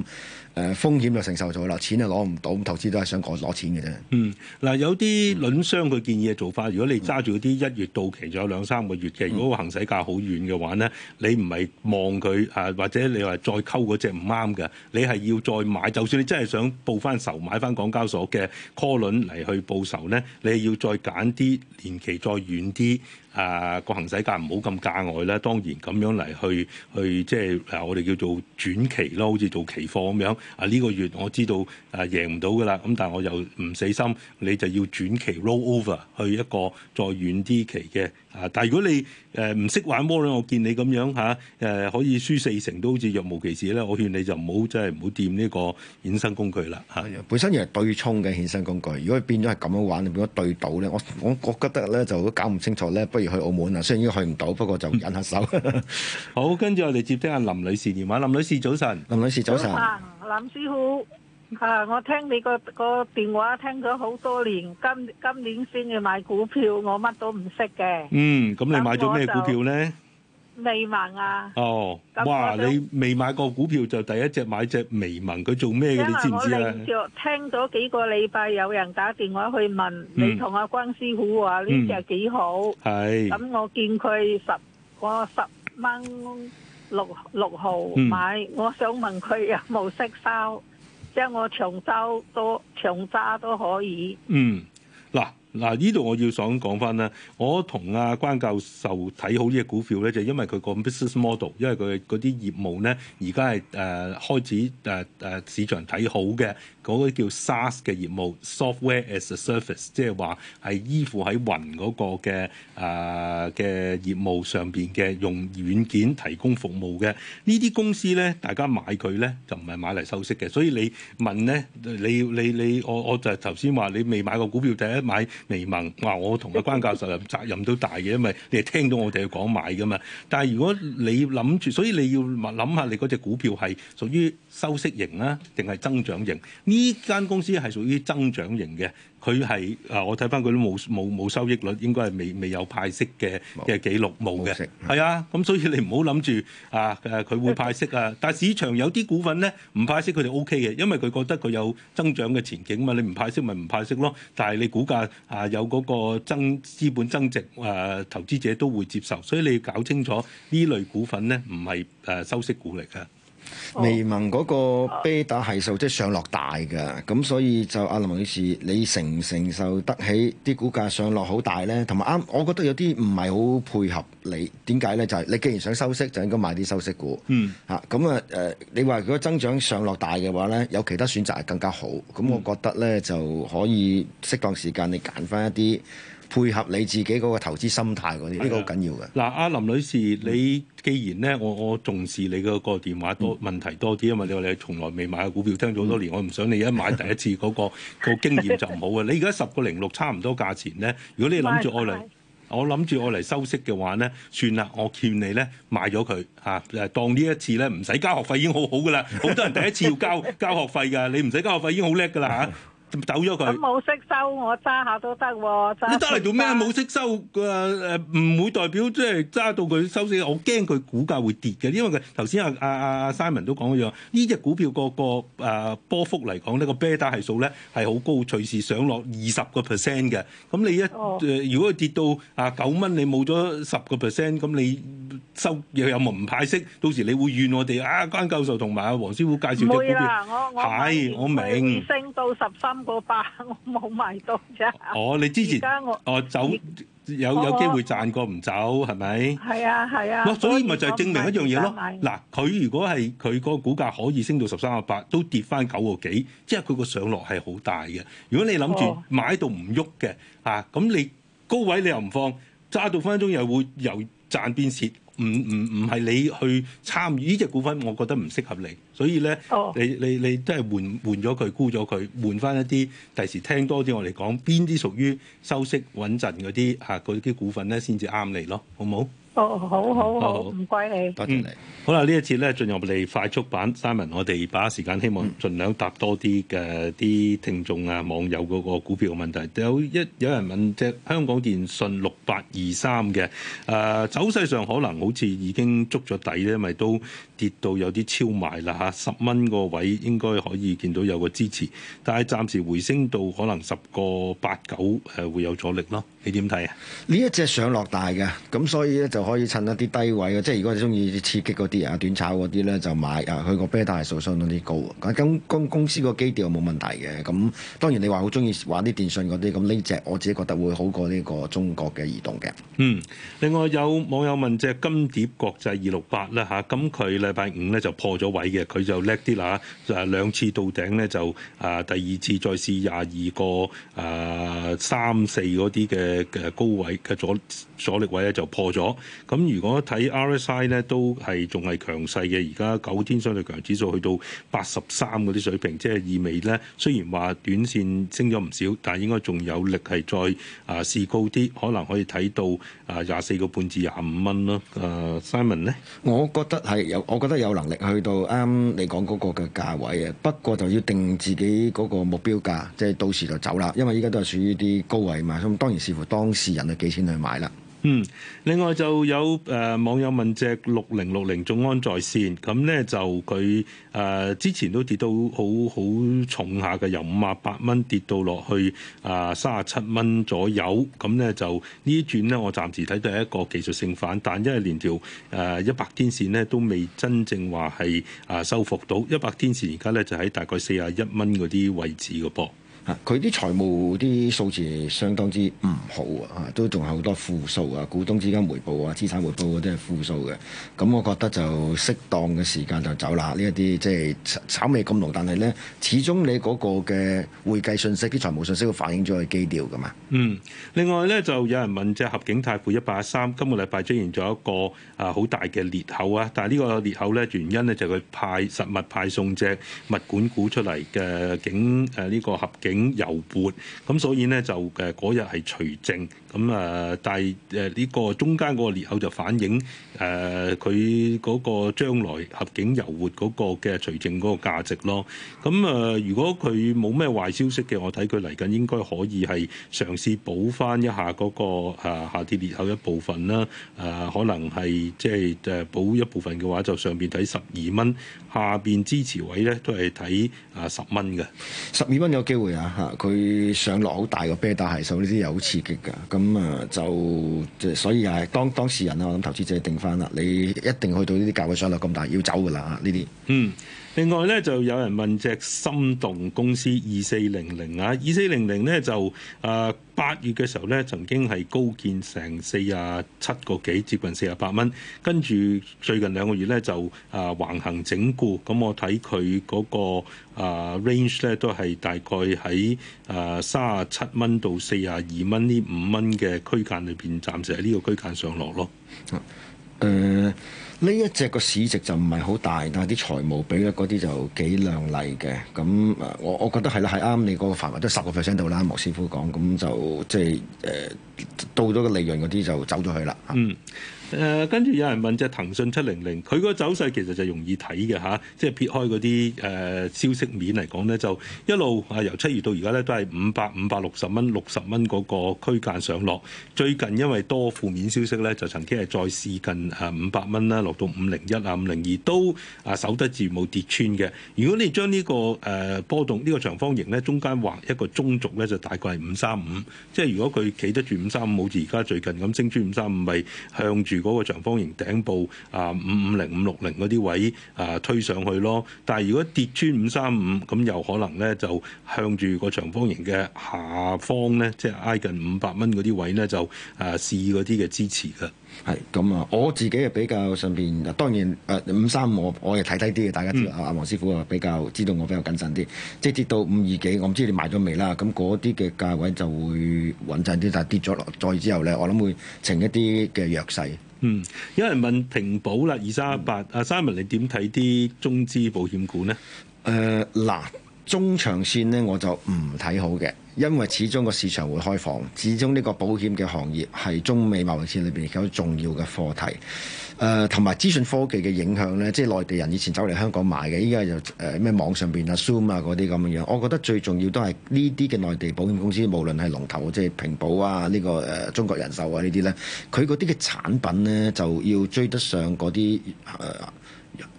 誒風險就承受咗啦，錢就攞唔到。投資都係想攞攞錢嘅啫。嗯，嗱，有啲輪商佢建議嘅做法，如果你揸住嗰啲一月到期，仲有兩三個月嘅，如果個行使價好遠嘅話咧，你唔係望佢啊，或者你話再溝嗰隻唔啱嘅，你係要再買。就算你真係想報翻仇，買翻港交所嘅 call 輪嚟去報仇咧，你係要再揀啲年期再遠啲。啊，個行使價唔好咁價外啦。當然咁樣嚟去去即係、就是、我哋叫做轉期咯，好似做期貨咁樣。啊呢，這個月我知道啊贏唔到㗎啦，咁但係我又唔死心，你就要轉期 rollover 去一個再遠啲期嘅。啊，但係如果你誒唔識玩摩咧，我見你咁樣嚇誒、啊啊、可以輸四成都好似若無其事咧，我勸你就唔好真係唔好掂呢個衍生工具啦嚇。本身又係對沖嘅衍生工具，如果變咗係咁樣玩，你變咗對賭咧，我我覺得咧就都搞唔清楚咧，不如去澳門啊，雖然去唔到，不過就忍下手。好，跟住我哋接聽阿林女士電話。林女士早晨。林女士早晨。林師傅啊，我聽你個個電話聽咗好多年，今今年先至買股票，我乜都唔識嘅。嗯，咁你買咗咩股票呢？微盟啊！哦，哇！你未買過股票就第一隻買隻微盟，佢做咩嘅？你知唔知咧？因聽咗幾個禮拜，有人打電話去問、嗯、你同阿關師傅話呢隻幾好。係、嗯。咁、嗯、我見佢十個十蚊六六號買，嗯、我想問佢有冇息收，即係我長收都長揸都可以。嗯。嗱，呢度我要想講翻啦。我同阿關教授睇好呢隻股票咧，就因為佢個 business model，因為佢嗰啲業務咧，而家係誒開始誒誒、呃、市場睇好嘅嗰個叫 SaaS 嘅業務，software as a service，即係話係依附喺雲嗰個嘅誒嘅業務上邊嘅用軟件提供服務嘅呢啲公司咧，大家買佢咧就唔係買嚟收息嘅，所以你問咧，你你你我我就係頭先話你未買過股票第一買。未問，話我同阿關教授又責任都大嘅，因為你係聽到我哋講買㗎嘛。但係如果你諗住，所以你要諗下你嗰隻股票係屬於收息型啊，定係增長型？呢間公司係屬於增長型嘅。佢係啊！我睇翻佢都冇冇冇收益率，應該係未未有派息嘅嘅記錄冇嘅。係啊，咁所以你唔好諗住啊，佢會派息啊！但係市場有啲股份咧，唔派息佢哋 OK 嘅，因為佢覺得佢有增長嘅前景嘛。你唔派息咪唔派息咯。但係你股價啊，有嗰個增資本增值啊，投資者都會接受。所以你要搞清楚呢類股份咧，唔係誒收息股嚟嘅。微盟嗰個 beta 係數即係，就是，上落大嘅，咁所以就阿林女士，你承唔承受得起啲股價上落好大呢？同埋，啱，我覺得有啲唔係好配合你，點解呢？就係，是，你既然想收息，就應該買啲收息股。嗯，嚇咁啊，誒，你話如果增長上落大嘅話呢，有其他選擇係更加好。咁我覺得呢，就可以適當時間你揀翻一啲。配合你自己嗰個投資心態嗰啲，呢的個好緊要嘅。嗱，阿林女士，你既然咧，我我重視你嘅個電話多、嗯、問題多啲，因為你話你從來未買過股票，嗯、聽咗好多年，我唔想你一買第一次嗰、那個個 經驗就唔好嘅。你而家十個零六差唔多價錢咧，如果你諗住 我嚟，我諗住我嚟收息嘅話咧，算啦，我勸你咧買咗佢嚇，當呢一次咧唔使交學費已經好好㗎啦。好多人第一次要交 交學費㗎，你唔使交學費已經好叻㗎啦嚇。 走咗佢。冇息收，我揸下都得喎。你揸嚟做咩？冇息收嘅，誒，唔、呃、會代表即係揸到佢收市。我驚佢股價會跌嘅，因為佢頭先阿阿阿 Simon 都講咗、這個啊，呢隻股票個個波幅嚟講，呢個 beta 係數咧係好高，隨時上落二十個 percent 嘅。咁你一誒、oh. 呃，如果佢跌到啊九蚊，你冇咗十個 percent，咁你收又有冇唔派息？到時你會怨我哋啊，關教授同埋阿黃師傅介紹啲股票。係，我明。我我升到十三。個八我冇買到啫。哦，你之前而家我哦走有哦有機會賺過唔走係咪？係啊係啊，哦，所以咪就證明一樣嘢咯。嗱，佢如果係佢個股價可以升到十三個八，都跌翻九個幾，即係佢個上落係好大嘅。如果你諗住買到唔喐嘅啊，咁你高位你又唔放，揸到分分鐘又會由賺變蝕。唔唔唔係你去參與呢隻、這個、股份，我覺得唔適合你，所以咧、oh.，你你你都係換換咗佢，沽咗佢，換返一啲，第時聽多啲我哋講邊啲屬於收息穩陣嗰啲嚇啲股份咧，先至啱你咯，好唔好？哦、oh，好好好，唔該好你，多謝你。嗯、好啦，呢一次咧進入我哋快速版，Simon，我哋把時間希望盡量答多啲嘅啲聽眾啊、網友嗰個股票嘅問題。有一有人問，即香港電訊六八二三嘅，誒、呃、走勢上可能好似已經捉咗底咧，因為都跌到有啲超賣啦嚇，十蚊個位應該可以見到有個支持，但係暫時回升到可能十個八九誒會有阻力咯。你點睇啊？呢一隻上落大嘅，咁所以咧就可以趁一啲低位嘅，即係如果你中意刺激嗰啲啊，短炒嗰啲咧就買啊，佢個 beta 數相當啲高。咁公公司個基調冇問題嘅，咁當然你話好中意玩啲電信嗰啲，咁呢隻我自己覺得會好過呢個中國嘅移動嘅。嗯，另外有網友問隻金蝶國際二六八啦嚇，咁佢禮拜五咧就破咗位嘅，佢就叻啲啦，就、啊、兩次到頂咧就啊第二次再試廿二個啊三四嗰啲嘅。嘅高位嘅阻阻力位咧就破咗，咁如果睇 RSI 咧都係仲係強勢嘅，而家九天相對強指數去到八十三嗰啲水平，即係意味咧雖然話短線升咗唔少，但係應該仲有力係再啊試、呃、高啲，可能可以睇到啊廿四個半至廿五蚊咯。誒、呃、，Simon 咧，我覺得係有，我覺得有能力去到啱、嗯、你講嗰個嘅價位啊，不過就要定自己嗰個目標價，即、就、係、是、到時就走啦，因為依家都係屬於啲高位嘛。咁當然當事人係幾錢去買啦？嗯，另外就有誒、呃、網友問隻六零六零眾安在線，咁呢，就佢誒、呃、之前都跌到好好重下嘅，由五十八蚊跌到落去啊三十七蚊左右，咁呢，就呢轉呢，我暫時睇到係一個技術性反彈，但因為連條誒一百天線呢都未真正話係啊收復到一百天線。而家呢，就喺大概四十一蚊嗰啲位置嘅噃。佢啲財務啲數字相當之唔好啊！嚇都仲係好多負數啊，股東資金回報啊，資產回報嗰啲係負數嘅。咁我覺得就適當嘅時間就走啦。呢一啲即係炒味咁濃，但係咧始終你嗰個嘅會計信息、啲財務信息會反映咗佢基調噶嘛。嗯，另外咧就有人問，即係合景泰富一八三，今個禮拜出現咗一個啊好大嘅裂口啊！但係呢個裂口咧原因咧就係佢派實物派送隻物管股出嚟嘅景誒呢個合景。右撥，咁所以咧就誒嗰日係除夕。咁啊、嗯，但係誒呢個中間嗰個裂口就反映誒佢嗰個將來合景遊活嗰個嘅除淨嗰個價值咯。咁、嗯、啊、呃，如果佢冇咩壞消息嘅，我睇佢嚟緊應該可以係嘗試補翻一下嗰、那個、啊、下跌裂口一部分啦。誒、啊，可能係即係誒補一部分嘅話，就上邊睇十二蚊，下邊支持位咧都係睇啊十蚊嘅。十二蚊有機會啊！嚇、啊，佢上落好大個啤打係數，呢啲嘢好刺激㗎。咁咁啊，就即係所以又係當當事人啊，我諗投資者定翻啦，你一定去到呢啲價位上落咁大，要走噶啦，呢啲嗯。另外咧就有人問隻心動公司二四零零啊，二四零零咧就啊八月嘅時候咧曾經係高見成四啊七個幾，接近四啊八蚊，跟住最近兩個月咧就啊、呃、橫行整固，咁我睇佢嗰個、呃、range 咧都係大概喺啊三啊七蚊到四啊二蚊呢五蚊嘅區間裏邊，暫時喺呢個區間上落咯，誒、呃。呢一隻個市值就唔係好大，但係啲財務比率嗰啲就幾靚麗嘅。咁我我覺得係啦，係啱你嗰個範圍都，都十個 percent 到啦。莫師傅講咁就即係誒到咗個利潤嗰啲就走咗去啦。嗯。誒、呃、跟住有人問隻騰訊七零零，佢個走勢其實就容易睇嘅嚇，即係撇開嗰啲誒消息面嚟講呢就一路啊由七月到而家呢都係五百五百六十蚊、六十蚊嗰個區間上落。最近因為多負面消息呢就曾經係再試近誒五百蚊啦，落到五零一啊、五零二都啊守得住冇跌穿嘅。如果你將呢、這個誒、呃、波動呢、這個長方形呢，中間畫一個中軸呢就大概係五三五。即係如果佢企得住五三五，好似而家最近咁升穿五三五，咪向住。嗰個長方形頂部啊，五五零、五六零嗰啲位啊，推上去咯。但係如果跌穿五三五，咁有可能咧就向住個長方形嘅下方咧，即係挨近五百蚊嗰啲位咧，就啊試嗰啲嘅支持嘅。係咁啊，我自己係比較上邊。當然誒，五三五我我係睇低啲嘅。大家知阿阿黃師傅啊，比較知道我比較謹慎啲。即係跌到五二幾，我唔知你買咗未啦。咁嗰啲嘅價位就會穩陣啲，但係跌咗落再之後咧，我諗會呈一啲嘅弱勢。嗯，有人問平保啦，二三一八啊，三文，你點睇啲中資保險股呢？誒嗱，中長線呢，我就唔睇好嘅，因為始終個市場會開放，始終呢個保險嘅行業係中美貿易戰裏邊有重要嘅課題。誒同埋資訊科技嘅影響呢，即係內地人以前走嚟香港買嘅，依家又誒咩網上邊啊、Zoom 啊嗰啲咁嘅樣。我覺得最重要都係呢啲嘅內地保險公司，無論係龍頭即係平保啊、呢、呢個誒、呃、中國人壽啊呢啲呢，佢嗰啲嘅產品呢，就要追得上嗰啲誒。呃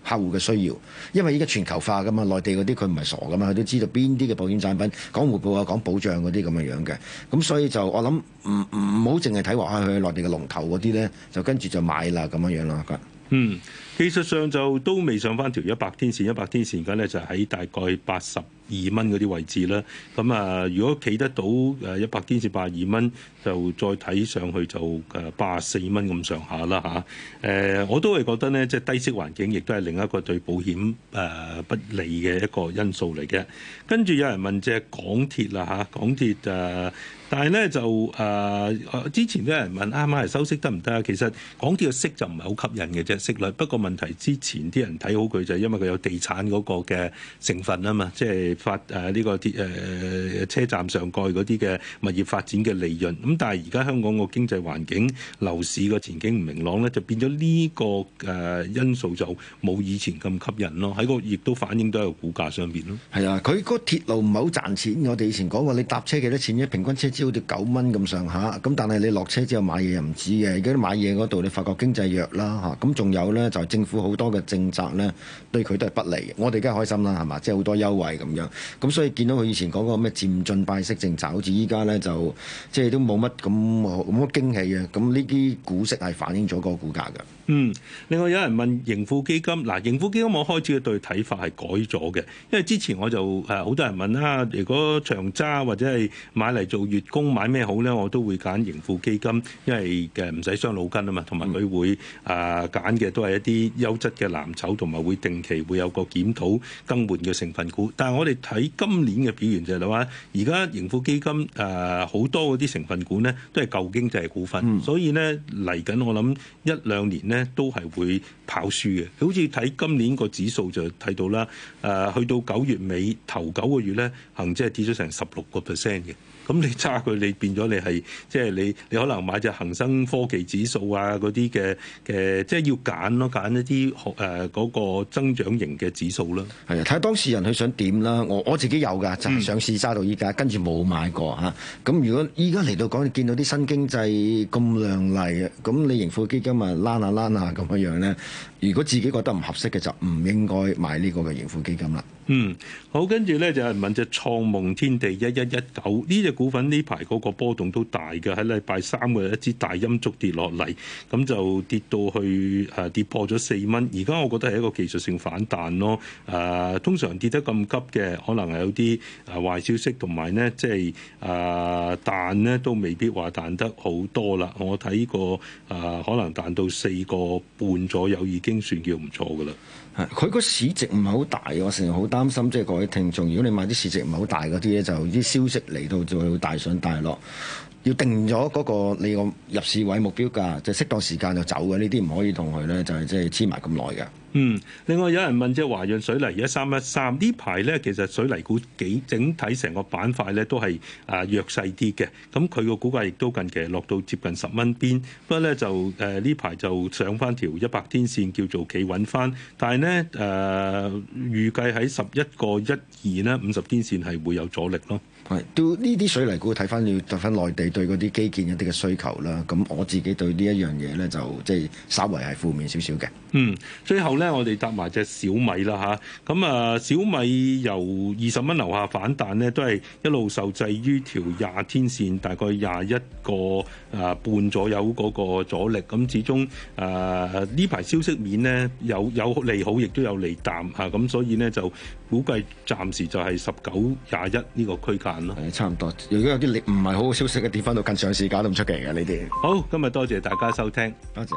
客戶嘅需要，因為依家全球化噶嘛，內地嗰啲佢唔係傻噶嘛，佢都知道邊啲嘅保險產品講回報啊，講保障嗰啲咁嘅樣嘅，咁所以就我諗唔唔好淨係睇話去佢內地嘅龍頭嗰啲呢，就跟住就買啦咁樣樣咯，嗯，技術上就都未上翻條一百天線，一百天線咁呢就喺大概八十。二蚊嗰啲位置啦，咁啊，如果企得到誒一百天至八二蚊，就再睇上去就誒八呀四蚊咁上下啦吓，誒、呃啊，我都係覺得呢，即係低息環境亦都係另一個對保險誒、呃、不利嘅一個因素嚟嘅。跟住有人問，隻港鐵啦，嚇、啊，港鐵，誒、啊，但係呢，就誒、啊，之前都有人問，啱啱係收息得唔得啊？其實港鐵嘅息就唔係好吸引嘅啫，息率。不過問題，之前啲人睇好佢就係因為佢有地產嗰個嘅成分啊嘛，即係。發誒呢個鐵誒車站上蓋啲嘅物業發展嘅利潤，咁但係而家香港個經濟環境、樓市個前景唔明朗咧，就變咗呢個誒因素就冇以前咁吸引咯。喺個亦都反映到喺個股價上邊咯。係啊，佢個鐵路唔係好賺錢。我哋以前講過你搭車幾多錢啫？平均車資好似九蚊咁上下。咁但係你落車之後買嘢又唔止嘅。而家買嘢嗰度你發覺經濟弱啦嚇。咁仲有咧，就係政府好多嘅政策咧對佢都係不利。我哋而家開心啦係嘛，即係好多優惠咁樣。咁所以見到佢以前講過咩漸進派息政策，好似依家咧就即係都冇乜咁冇乜驚喜啊！咁呢啲股息係反映咗個股價㗎。嗯，另外有人問盈富基金，嗱，盈富基金我開始對睇法係改咗嘅，因為之前我就誒好、呃、多人問啦，如果長揸或者係買嚟做月供買咩好咧？我都會揀盈富基金，因為嘅唔使傷腦筋啊嘛，同埋佢會誒揀嘅都係一啲優質嘅藍籌同埋會定期會有個檢討更換嘅成分股。但係我哋睇今年嘅表現就係話而家盈富基金誒好、呃、多嗰啲成分股咧都係舊經濟股份，嗯、所以咧嚟緊我諗一兩年咧。咧都係會跑輸嘅，好似睇今年個指數就睇到啦。誒、呃，去到九月尾頭九個月咧，恒指係跌咗成十六個 percent 嘅。咁你揸佢，你變咗你係即係你，你可能買隻恒生科技指數啊，嗰啲嘅嘅，即係要揀咯，揀一啲誒嗰個增長型嘅指數啦。係啊，睇下當事人佢想點啦。我我自己有噶，就係上市揸到依家，跟住冇買過吓。咁如果依家嚟到講，你見到啲新經濟咁亮麗嘅，咁你盈富基金啊，躝下躝下咁樣樣咧，如果自己覺得唔合適嘅，就唔應該買呢個嘅盈富基金啦。嗯，好，跟住咧就係問隻創夢天地一一一九呢隻。股份呢排嗰個波動都大嘅，喺禮拜三嘅一支大陰燭跌落嚟，咁就跌到去誒、啊、跌破咗四蚊。而家我覺得係一個技術性反彈咯。誒、啊，通常跌得咁急嘅，可能係有啲誒壞消息，同埋呢，即係誒彈呢都未必話彈得好多啦。我睇過誒可能彈到四個半左右，已經算叫唔錯嘅啦。佢個市值唔係好大，我成日好擔心，即係各位聽眾，如果你買啲市值唔係好大嗰啲咧，就啲消息嚟到就會大上大落，要定咗嗰個你個入市位目標價，就適當時間就走嘅，呢啲唔可以同佢咧，就係即係黐埋咁耐嘅。嗯，另外有人問隻華潤水泥而家一三一三，呢排呢？其實水泥股幾整體成個板塊呢都係啊弱勢啲嘅，咁佢個股價亦都近期落到接近十蚊邊，不過咧就誒呢排就上翻條一百天線叫做企穩翻，但係呢，誒、呃、預計喺十一個一二呢，五十天線係會有阻力咯。係，都呢啲水泥股睇翻要睇翻內地對嗰啲基建一啲嘅需求啦。咁我自己對呢一樣嘢咧，就即係稍為係負面少少嘅。嗯，最後咧，我哋搭埋隻小米啦嚇。咁啊，小米由二十蚊樓下反彈呢，都係一路受制於條廿天線，大概廿一個啊、呃、半左右嗰個阻力。咁始終啊，呢、呃、排消息面呢，有有利好，亦都有利淡嚇。咁、啊、所以呢，就估計暫時就係十九廿一呢個區間。係差唔多，如果有啲你唔係好好消息嘅跌翻到近上市價都唔出奇嘅呢啲。好，今日多謝大家收聽。